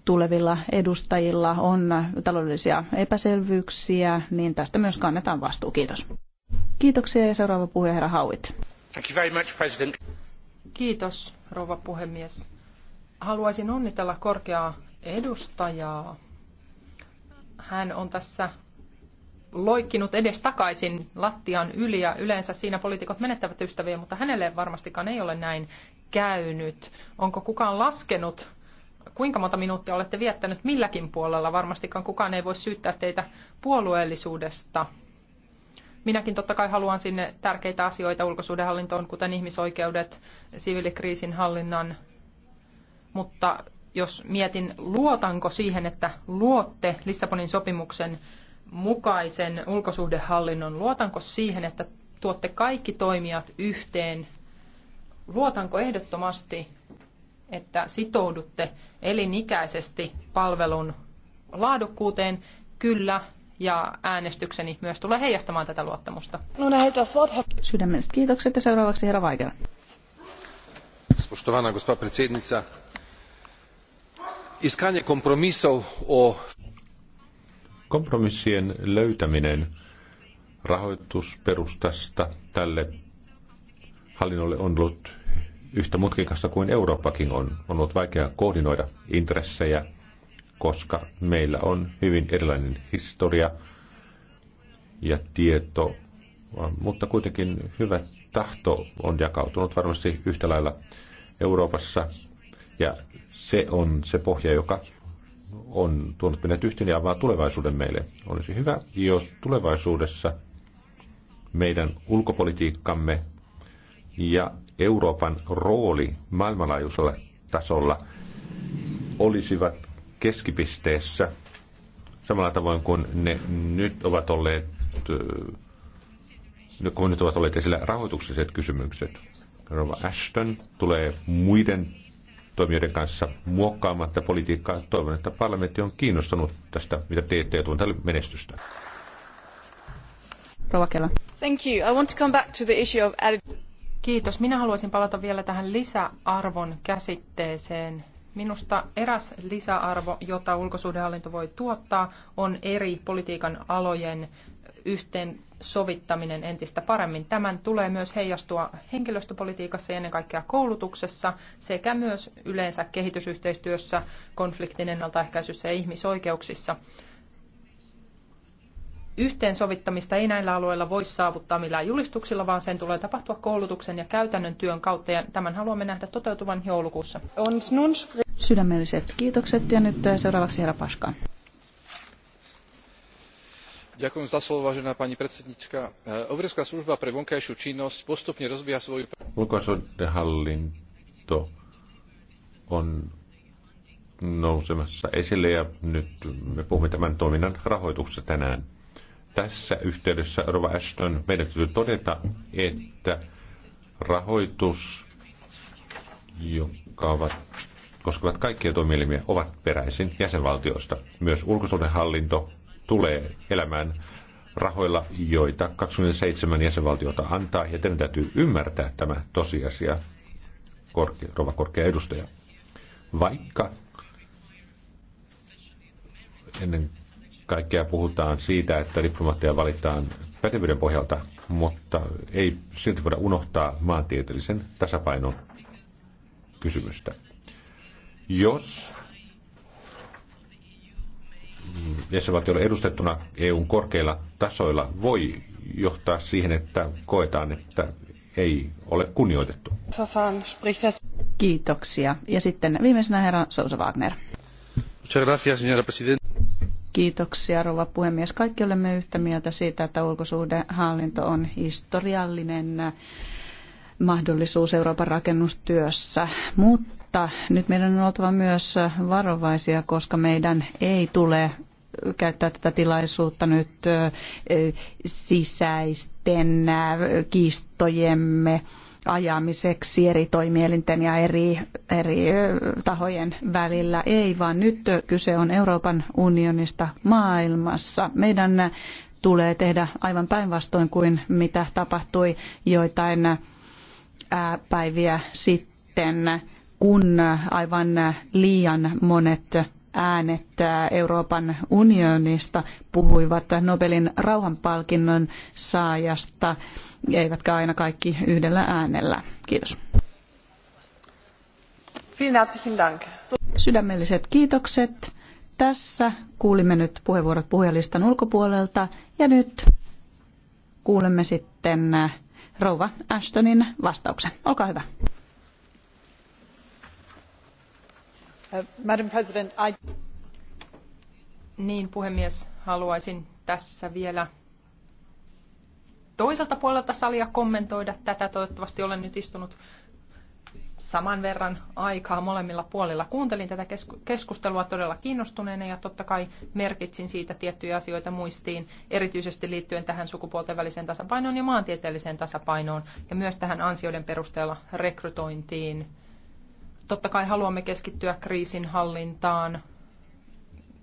tulevilla edustajilla on taloudellisia epäselvyyksiä, niin tästä myös kannetaan vastuu. Kiitos. Kiitoksia ja seuraava puhuja herra Hauit. Thank you very much, President. Kiitos, rouva puhemies. Haluaisin onnitella korkeaa edustajaa. Hän on tässä loikkinut edes takaisin lattian yli ja yleensä siinä poliitikot menettävät ystäviä, mutta hänelle varmastikaan ei ole näin käynyt. Onko kukaan laskenut, kuinka monta minuuttia olette viettänyt milläkin puolella? Varmastikaan kukaan ei voi syyttää teitä puolueellisuudesta. Minäkin totta kai haluan sinne tärkeitä asioita ulkosuhdehallintoon, kuten ihmisoikeudet, hallinnan, mutta jos mietin, luotanko siihen, että luotte Lissabonin sopimuksen mukaisen ulkosuhdehallinnon? Luotanko siihen, että tuotte kaikki toimijat yhteen? Luotanko ehdottomasti, että sitoudutte elinikäisesti palvelun laadukkuuteen? Kyllä, ja äänestykseni myös tulee heijastamaan tätä luottamusta. No, no Sydämelliset kiitokset ja seuraavaksi herra Vaikera. Spoštovana gospa predsednica, iskanje kompromisov o Kompromissien löytäminen rahoitusperustasta tälle hallinnolle on ollut yhtä mutkikasta kuin Eurooppakin on. On ollut vaikea koordinoida intressejä, koska meillä on hyvin erilainen historia ja tieto, mutta kuitenkin hyvä tahto on jakautunut varmasti yhtä lailla Euroopassa ja se on se pohja, joka on tuonut meidät yhteen ja avaa tulevaisuuden meille. Olisi hyvä, jos tulevaisuudessa meidän ulkopolitiikkamme ja Euroopan rooli maailmanlaajuisella tasolla olisivat keskipisteessä samalla tavoin kuin ne nyt ovat olleet, äh, kun nyt ovat olleet esillä rahoitukselliset kysymykset. Rova Ashton tulee muiden toimijoiden kanssa muokkaamatta politiikkaa. Toivon, että parlamentti on kiinnostunut tästä, mitä teette, ja tuon menestystä. Thank you. I want to come back to the issue of added... Kiitos. Minä haluaisin palata vielä tähän lisäarvon käsitteeseen Minusta eräs lisäarvo, jota ulkosuhdehallinto voi tuottaa, on eri politiikan alojen yhteen sovittaminen entistä paremmin. Tämän tulee myös heijastua henkilöstöpolitiikassa ja ennen kaikkea koulutuksessa sekä myös yleensä kehitysyhteistyössä, konfliktin ennaltaehkäisyssä ja ihmisoikeuksissa yhteensovittamista ei näillä alueilla voi saavuttaa millään julistuksilla, vaan sen tulee tapahtua koulutuksen ja käytännön työn kautta, ja tämän haluamme nähdä toteutuvan joulukuussa. Sydämelliset kiitokset, ja nyt äh, seuraavaksi herra Paska. Ďakujem za slovo, vážená pani predsednička. Äh, Overská služba pre vonkajšiu činnosť postupne rozvíja svoju... on nousemassa esille ja nyt me puhumme tämän toiminnan rahoituksesta tänään tässä yhteydessä, Rova Ashton, meidän täytyy todeta, että rahoitus, joka ovat, koskevat kaikkia toimielimiä, ovat peräisin jäsenvaltioista. Myös ulkosuhdehallinto tulee elämään rahoilla, joita 27 jäsenvaltiota antaa, ja teidän täytyy ymmärtää tämä tosiasia, korke, rova korkea edustaja. Vaikka ennen kaikkea puhutaan siitä, että diplomaatteja valitaan pätevyyden pohjalta, mutta ei silti voida unohtaa maantieteellisen tasapainon kysymystä. Jos jäsenvaltiolla edustettuna EUn korkeilla tasoilla voi johtaa siihen, että koetaan, että ei ole kunnioitettu. Kiitoksia. Ja sitten viimeisenä herra Sousa Wagner. gracias, señora presidenta. Kiitoksia, rouva puhemies. Kaikki olemme yhtä mieltä siitä, että ulkosuhdehallinto on historiallinen mahdollisuus Euroopan rakennustyössä, mutta nyt meidän on oltava myös varovaisia, koska meidän ei tule käyttää tätä tilaisuutta nyt sisäisten kiistojemme ajamiseksi eri toimielinten ja eri, eri tahojen välillä. Ei, vaan nyt kyse on Euroopan unionista maailmassa. Meidän tulee tehdä aivan päinvastoin kuin mitä tapahtui joitain päiviä sitten, kun aivan liian monet äänet Euroopan unionista puhuivat Nobelin rauhanpalkinnon saajasta, eivätkä aina kaikki yhdellä äänellä. Kiitos. Sydämelliset kiitokset. Tässä kuulimme nyt puheenvuorot puhujalistan ulkopuolelta ja nyt kuulemme sitten rouva Ashtonin vastauksen. Olkaa hyvä. Uh, Madam niin, puhemies, haluaisin tässä vielä toiselta puolelta salia kommentoida tätä. Toivottavasti olen nyt istunut saman verran aikaa molemmilla puolilla. Kuuntelin tätä keskustelua todella kiinnostuneena ja totta kai merkitsin siitä tiettyjä asioita muistiin, erityisesti liittyen tähän sukupuolten väliseen tasapainoon ja maantieteelliseen tasapainoon ja myös tähän ansioiden perusteella rekrytointiin Totta kai haluamme keskittyä kriisin hallintaan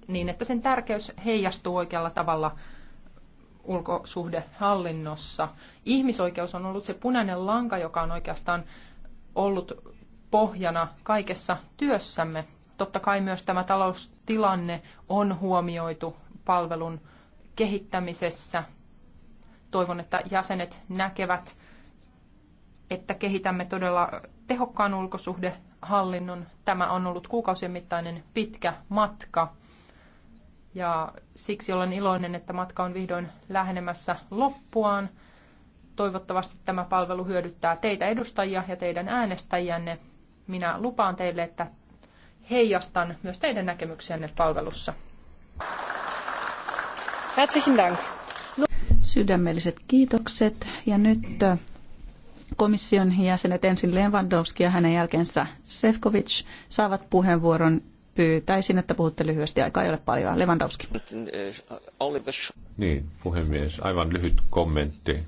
niin, että sen tärkeys heijastuu oikealla tavalla ulkosuhdehallinnossa. Ihmisoikeus on ollut se punainen lanka, joka on oikeastaan ollut pohjana kaikessa työssämme. Totta kai myös tämä taloustilanne on huomioitu palvelun kehittämisessä. Toivon, että jäsenet näkevät, että kehitämme todella tehokkaan ulkosuhde hallinnon. Tämä on ollut kuukausien mittainen pitkä matka ja siksi olen iloinen, että matka on vihdoin lähenemässä loppuaan. Toivottavasti tämä palvelu hyödyttää teitä edustajia ja teidän äänestäjänne. Minä lupaan teille, että heijastan myös teidän näkemyksiänne palvelussa. Herzlichen Dank. Sydämelliset kiitokset ja nyt komission jäsenet ensin Lewandowski ja hänen jälkeensä Sefcovic saavat puheenvuoron. Pyytäisin, että puhutte lyhyesti, aikaa ei ole paljon. Lewandowski. Niin, puhemies, aivan lyhyt kommentti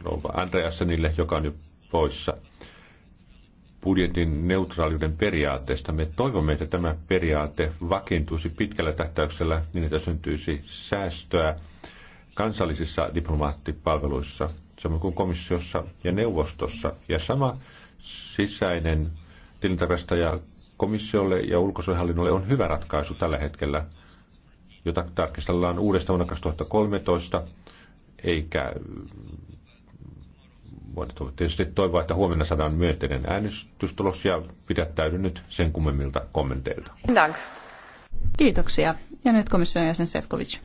rouva Andreassenille, joka on jo poissa budjetin neutraaliuden periaatteesta. Me toivomme, että tämä periaate vakiintuisi pitkällä tähtäyksellä niin, että syntyisi säästöä kansallisissa diplomaattipalveluissa samoin kuin komissiossa ja neuvostossa. Ja sama sisäinen tilintarkastaja komissiolle ja ulkosuojelhallinnolle on hyvä ratkaisu tällä hetkellä, jota tarkistellaan uudesta vuonna 2013, eikä voin tietysti toivoa, että huomenna saadaan myönteinen äänestystulos ja pidättäydy nyt sen kummemmilta kommenteilta. Dank. Kiitoksia. Ja nyt komission jäsen Sefcovic.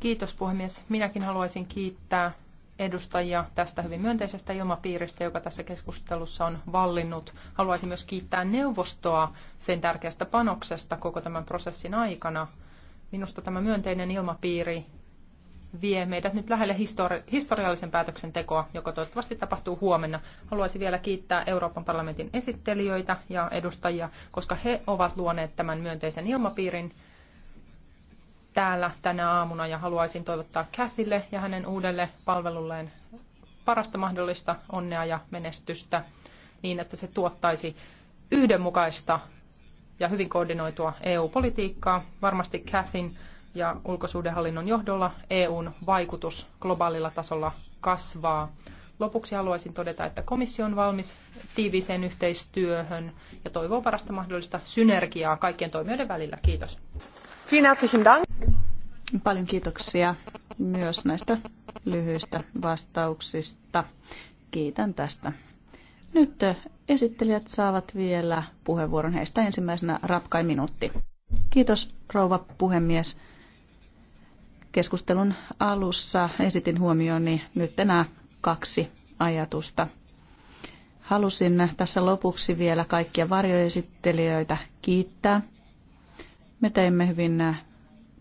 Kiitos puhemies. Minäkin haluaisin kiittää edustajia tästä hyvin myönteisestä ilmapiiristä, joka tässä keskustelussa on vallinnut. Haluaisin myös kiittää neuvostoa sen tärkeästä panoksesta koko tämän prosessin aikana. Minusta tämä myönteinen ilmapiiri vie meidät nyt lähelle histori- historiallisen päätöksentekoa, joka toivottavasti tapahtuu huomenna. Haluaisin vielä kiittää Euroopan parlamentin esittelijöitä ja edustajia, koska he ovat luoneet tämän myönteisen ilmapiirin täällä tänä aamuna ja haluaisin toivottaa Käsille ja hänen uudelle palvelulleen parasta mahdollista onnea ja menestystä niin, että se tuottaisi yhdenmukaista ja hyvin koordinoitua EU-politiikkaa. Varmasti Cathin ja ulkosuhdehallinnon johdolla EUn vaikutus globaalilla tasolla kasvaa. Lopuksi haluaisin todeta, että komissio on valmis tiiviiseen yhteistyöhön ja toivoo parasta mahdollista synergiaa kaikkien toimijoiden välillä. Kiitos. Paljon kiitoksia myös näistä lyhyistä vastauksista. Kiitän tästä. Nyt esittelijät saavat vielä puheenvuoron. Heistä ensimmäisenä Rapkai minuutti. Kiitos rouva puhemies. Keskustelun alussa esitin huomioni nyt enää kaksi ajatusta. Halusin tässä lopuksi vielä kaikkia varjoesittelijöitä kiittää me teimme hyvin äh,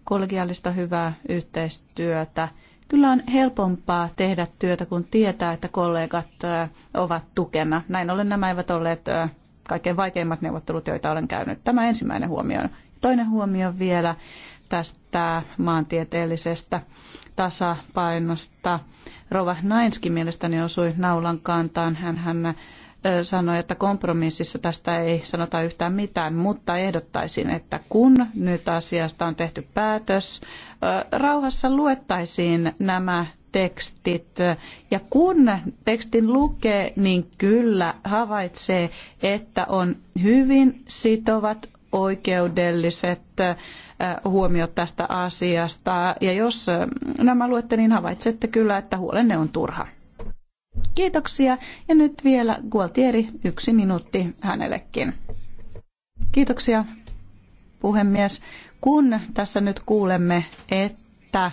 kollegiaalista hyvää yhteistyötä. Kyllä on helpompaa tehdä työtä, kun tietää, että kollegat äh, ovat tukena. Näin ollen nämä eivät olleet äh, kaikkein vaikeimmat neuvottelut, joita olen käynyt. Tämä ensimmäinen huomio. Toinen huomio vielä tästä maantieteellisestä tasapainosta. Rova Nainski mielestäni osui naulan kantaan. Hän, hän sanoi, että kompromississa tästä ei sanota yhtään mitään, mutta ehdottaisin, että kun nyt asiasta on tehty päätös, rauhassa luettaisiin nämä tekstit. Ja kun tekstin lukee, niin kyllä havaitsee, että on hyvin sitovat oikeudelliset huomiot tästä asiasta. Ja jos nämä luette, niin havaitsette kyllä, että huolenne on turha. Kiitoksia. Ja nyt vielä Gualtieri, yksi minuutti hänellekin. Kiitoksia, puhemies. Kun tässä nyt kuulemme, että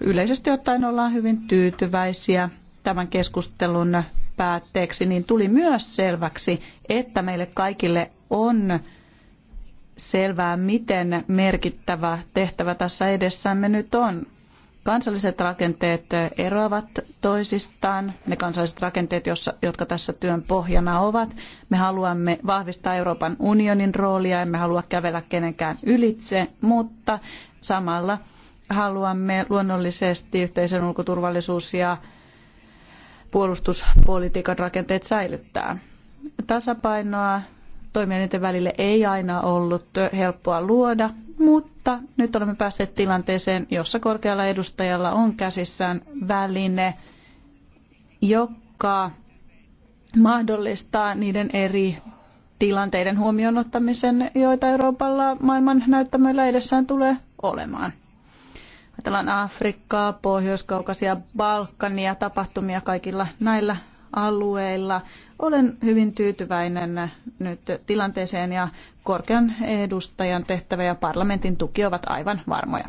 yleisesti ottaen ollaan hyvin tyytyväisiä tämän keskustelun päätteeksi, niin tuli myös selväksi, että meille kaikille on selvää, miten merkittävä tehtävä tässä edessämme nyt on. Kansalliset rakenteet eroavat toisistaan, ne kansalliset rakenteet, jotka tässä työn pohjana ovat. Me haluamme vahvistaa Euroopan unionin roolia, emme halua kävellä kenenkään ylitse, mutta samalla haluamme luonnollisesti yhteisen ulkoturvallisuus- ja puolustuspolitiikan rakenteet säilyttää. Tasapainoa toimijoiden välille ei aina ollut helppoa luoda, mutta nyt olemme päässeet tilanteeseen, jossa korkealla edustajalla on käsissään väline, joka mahdollistaa niiden eri tilanteiden huomioon ottamisen, joita Euroopalla maailman näyttämöillä edessään tulee olemaan. Ajatellaan Afrikkaa, Pohjois-Kaukasia, Balkania, tapahtumia kaikilla näillä alueilla. Olen hyvin tyytyväinen nyt tilanteeseen ja korkean edustajan tehtävä ja parlamentin tuki ovat aivan varmoja.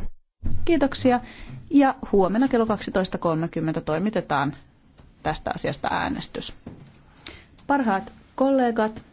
Kiitoksia ja huomenna kello 12.30 toimitetaan tästä asiasta äänestys. Parhaat kollegat,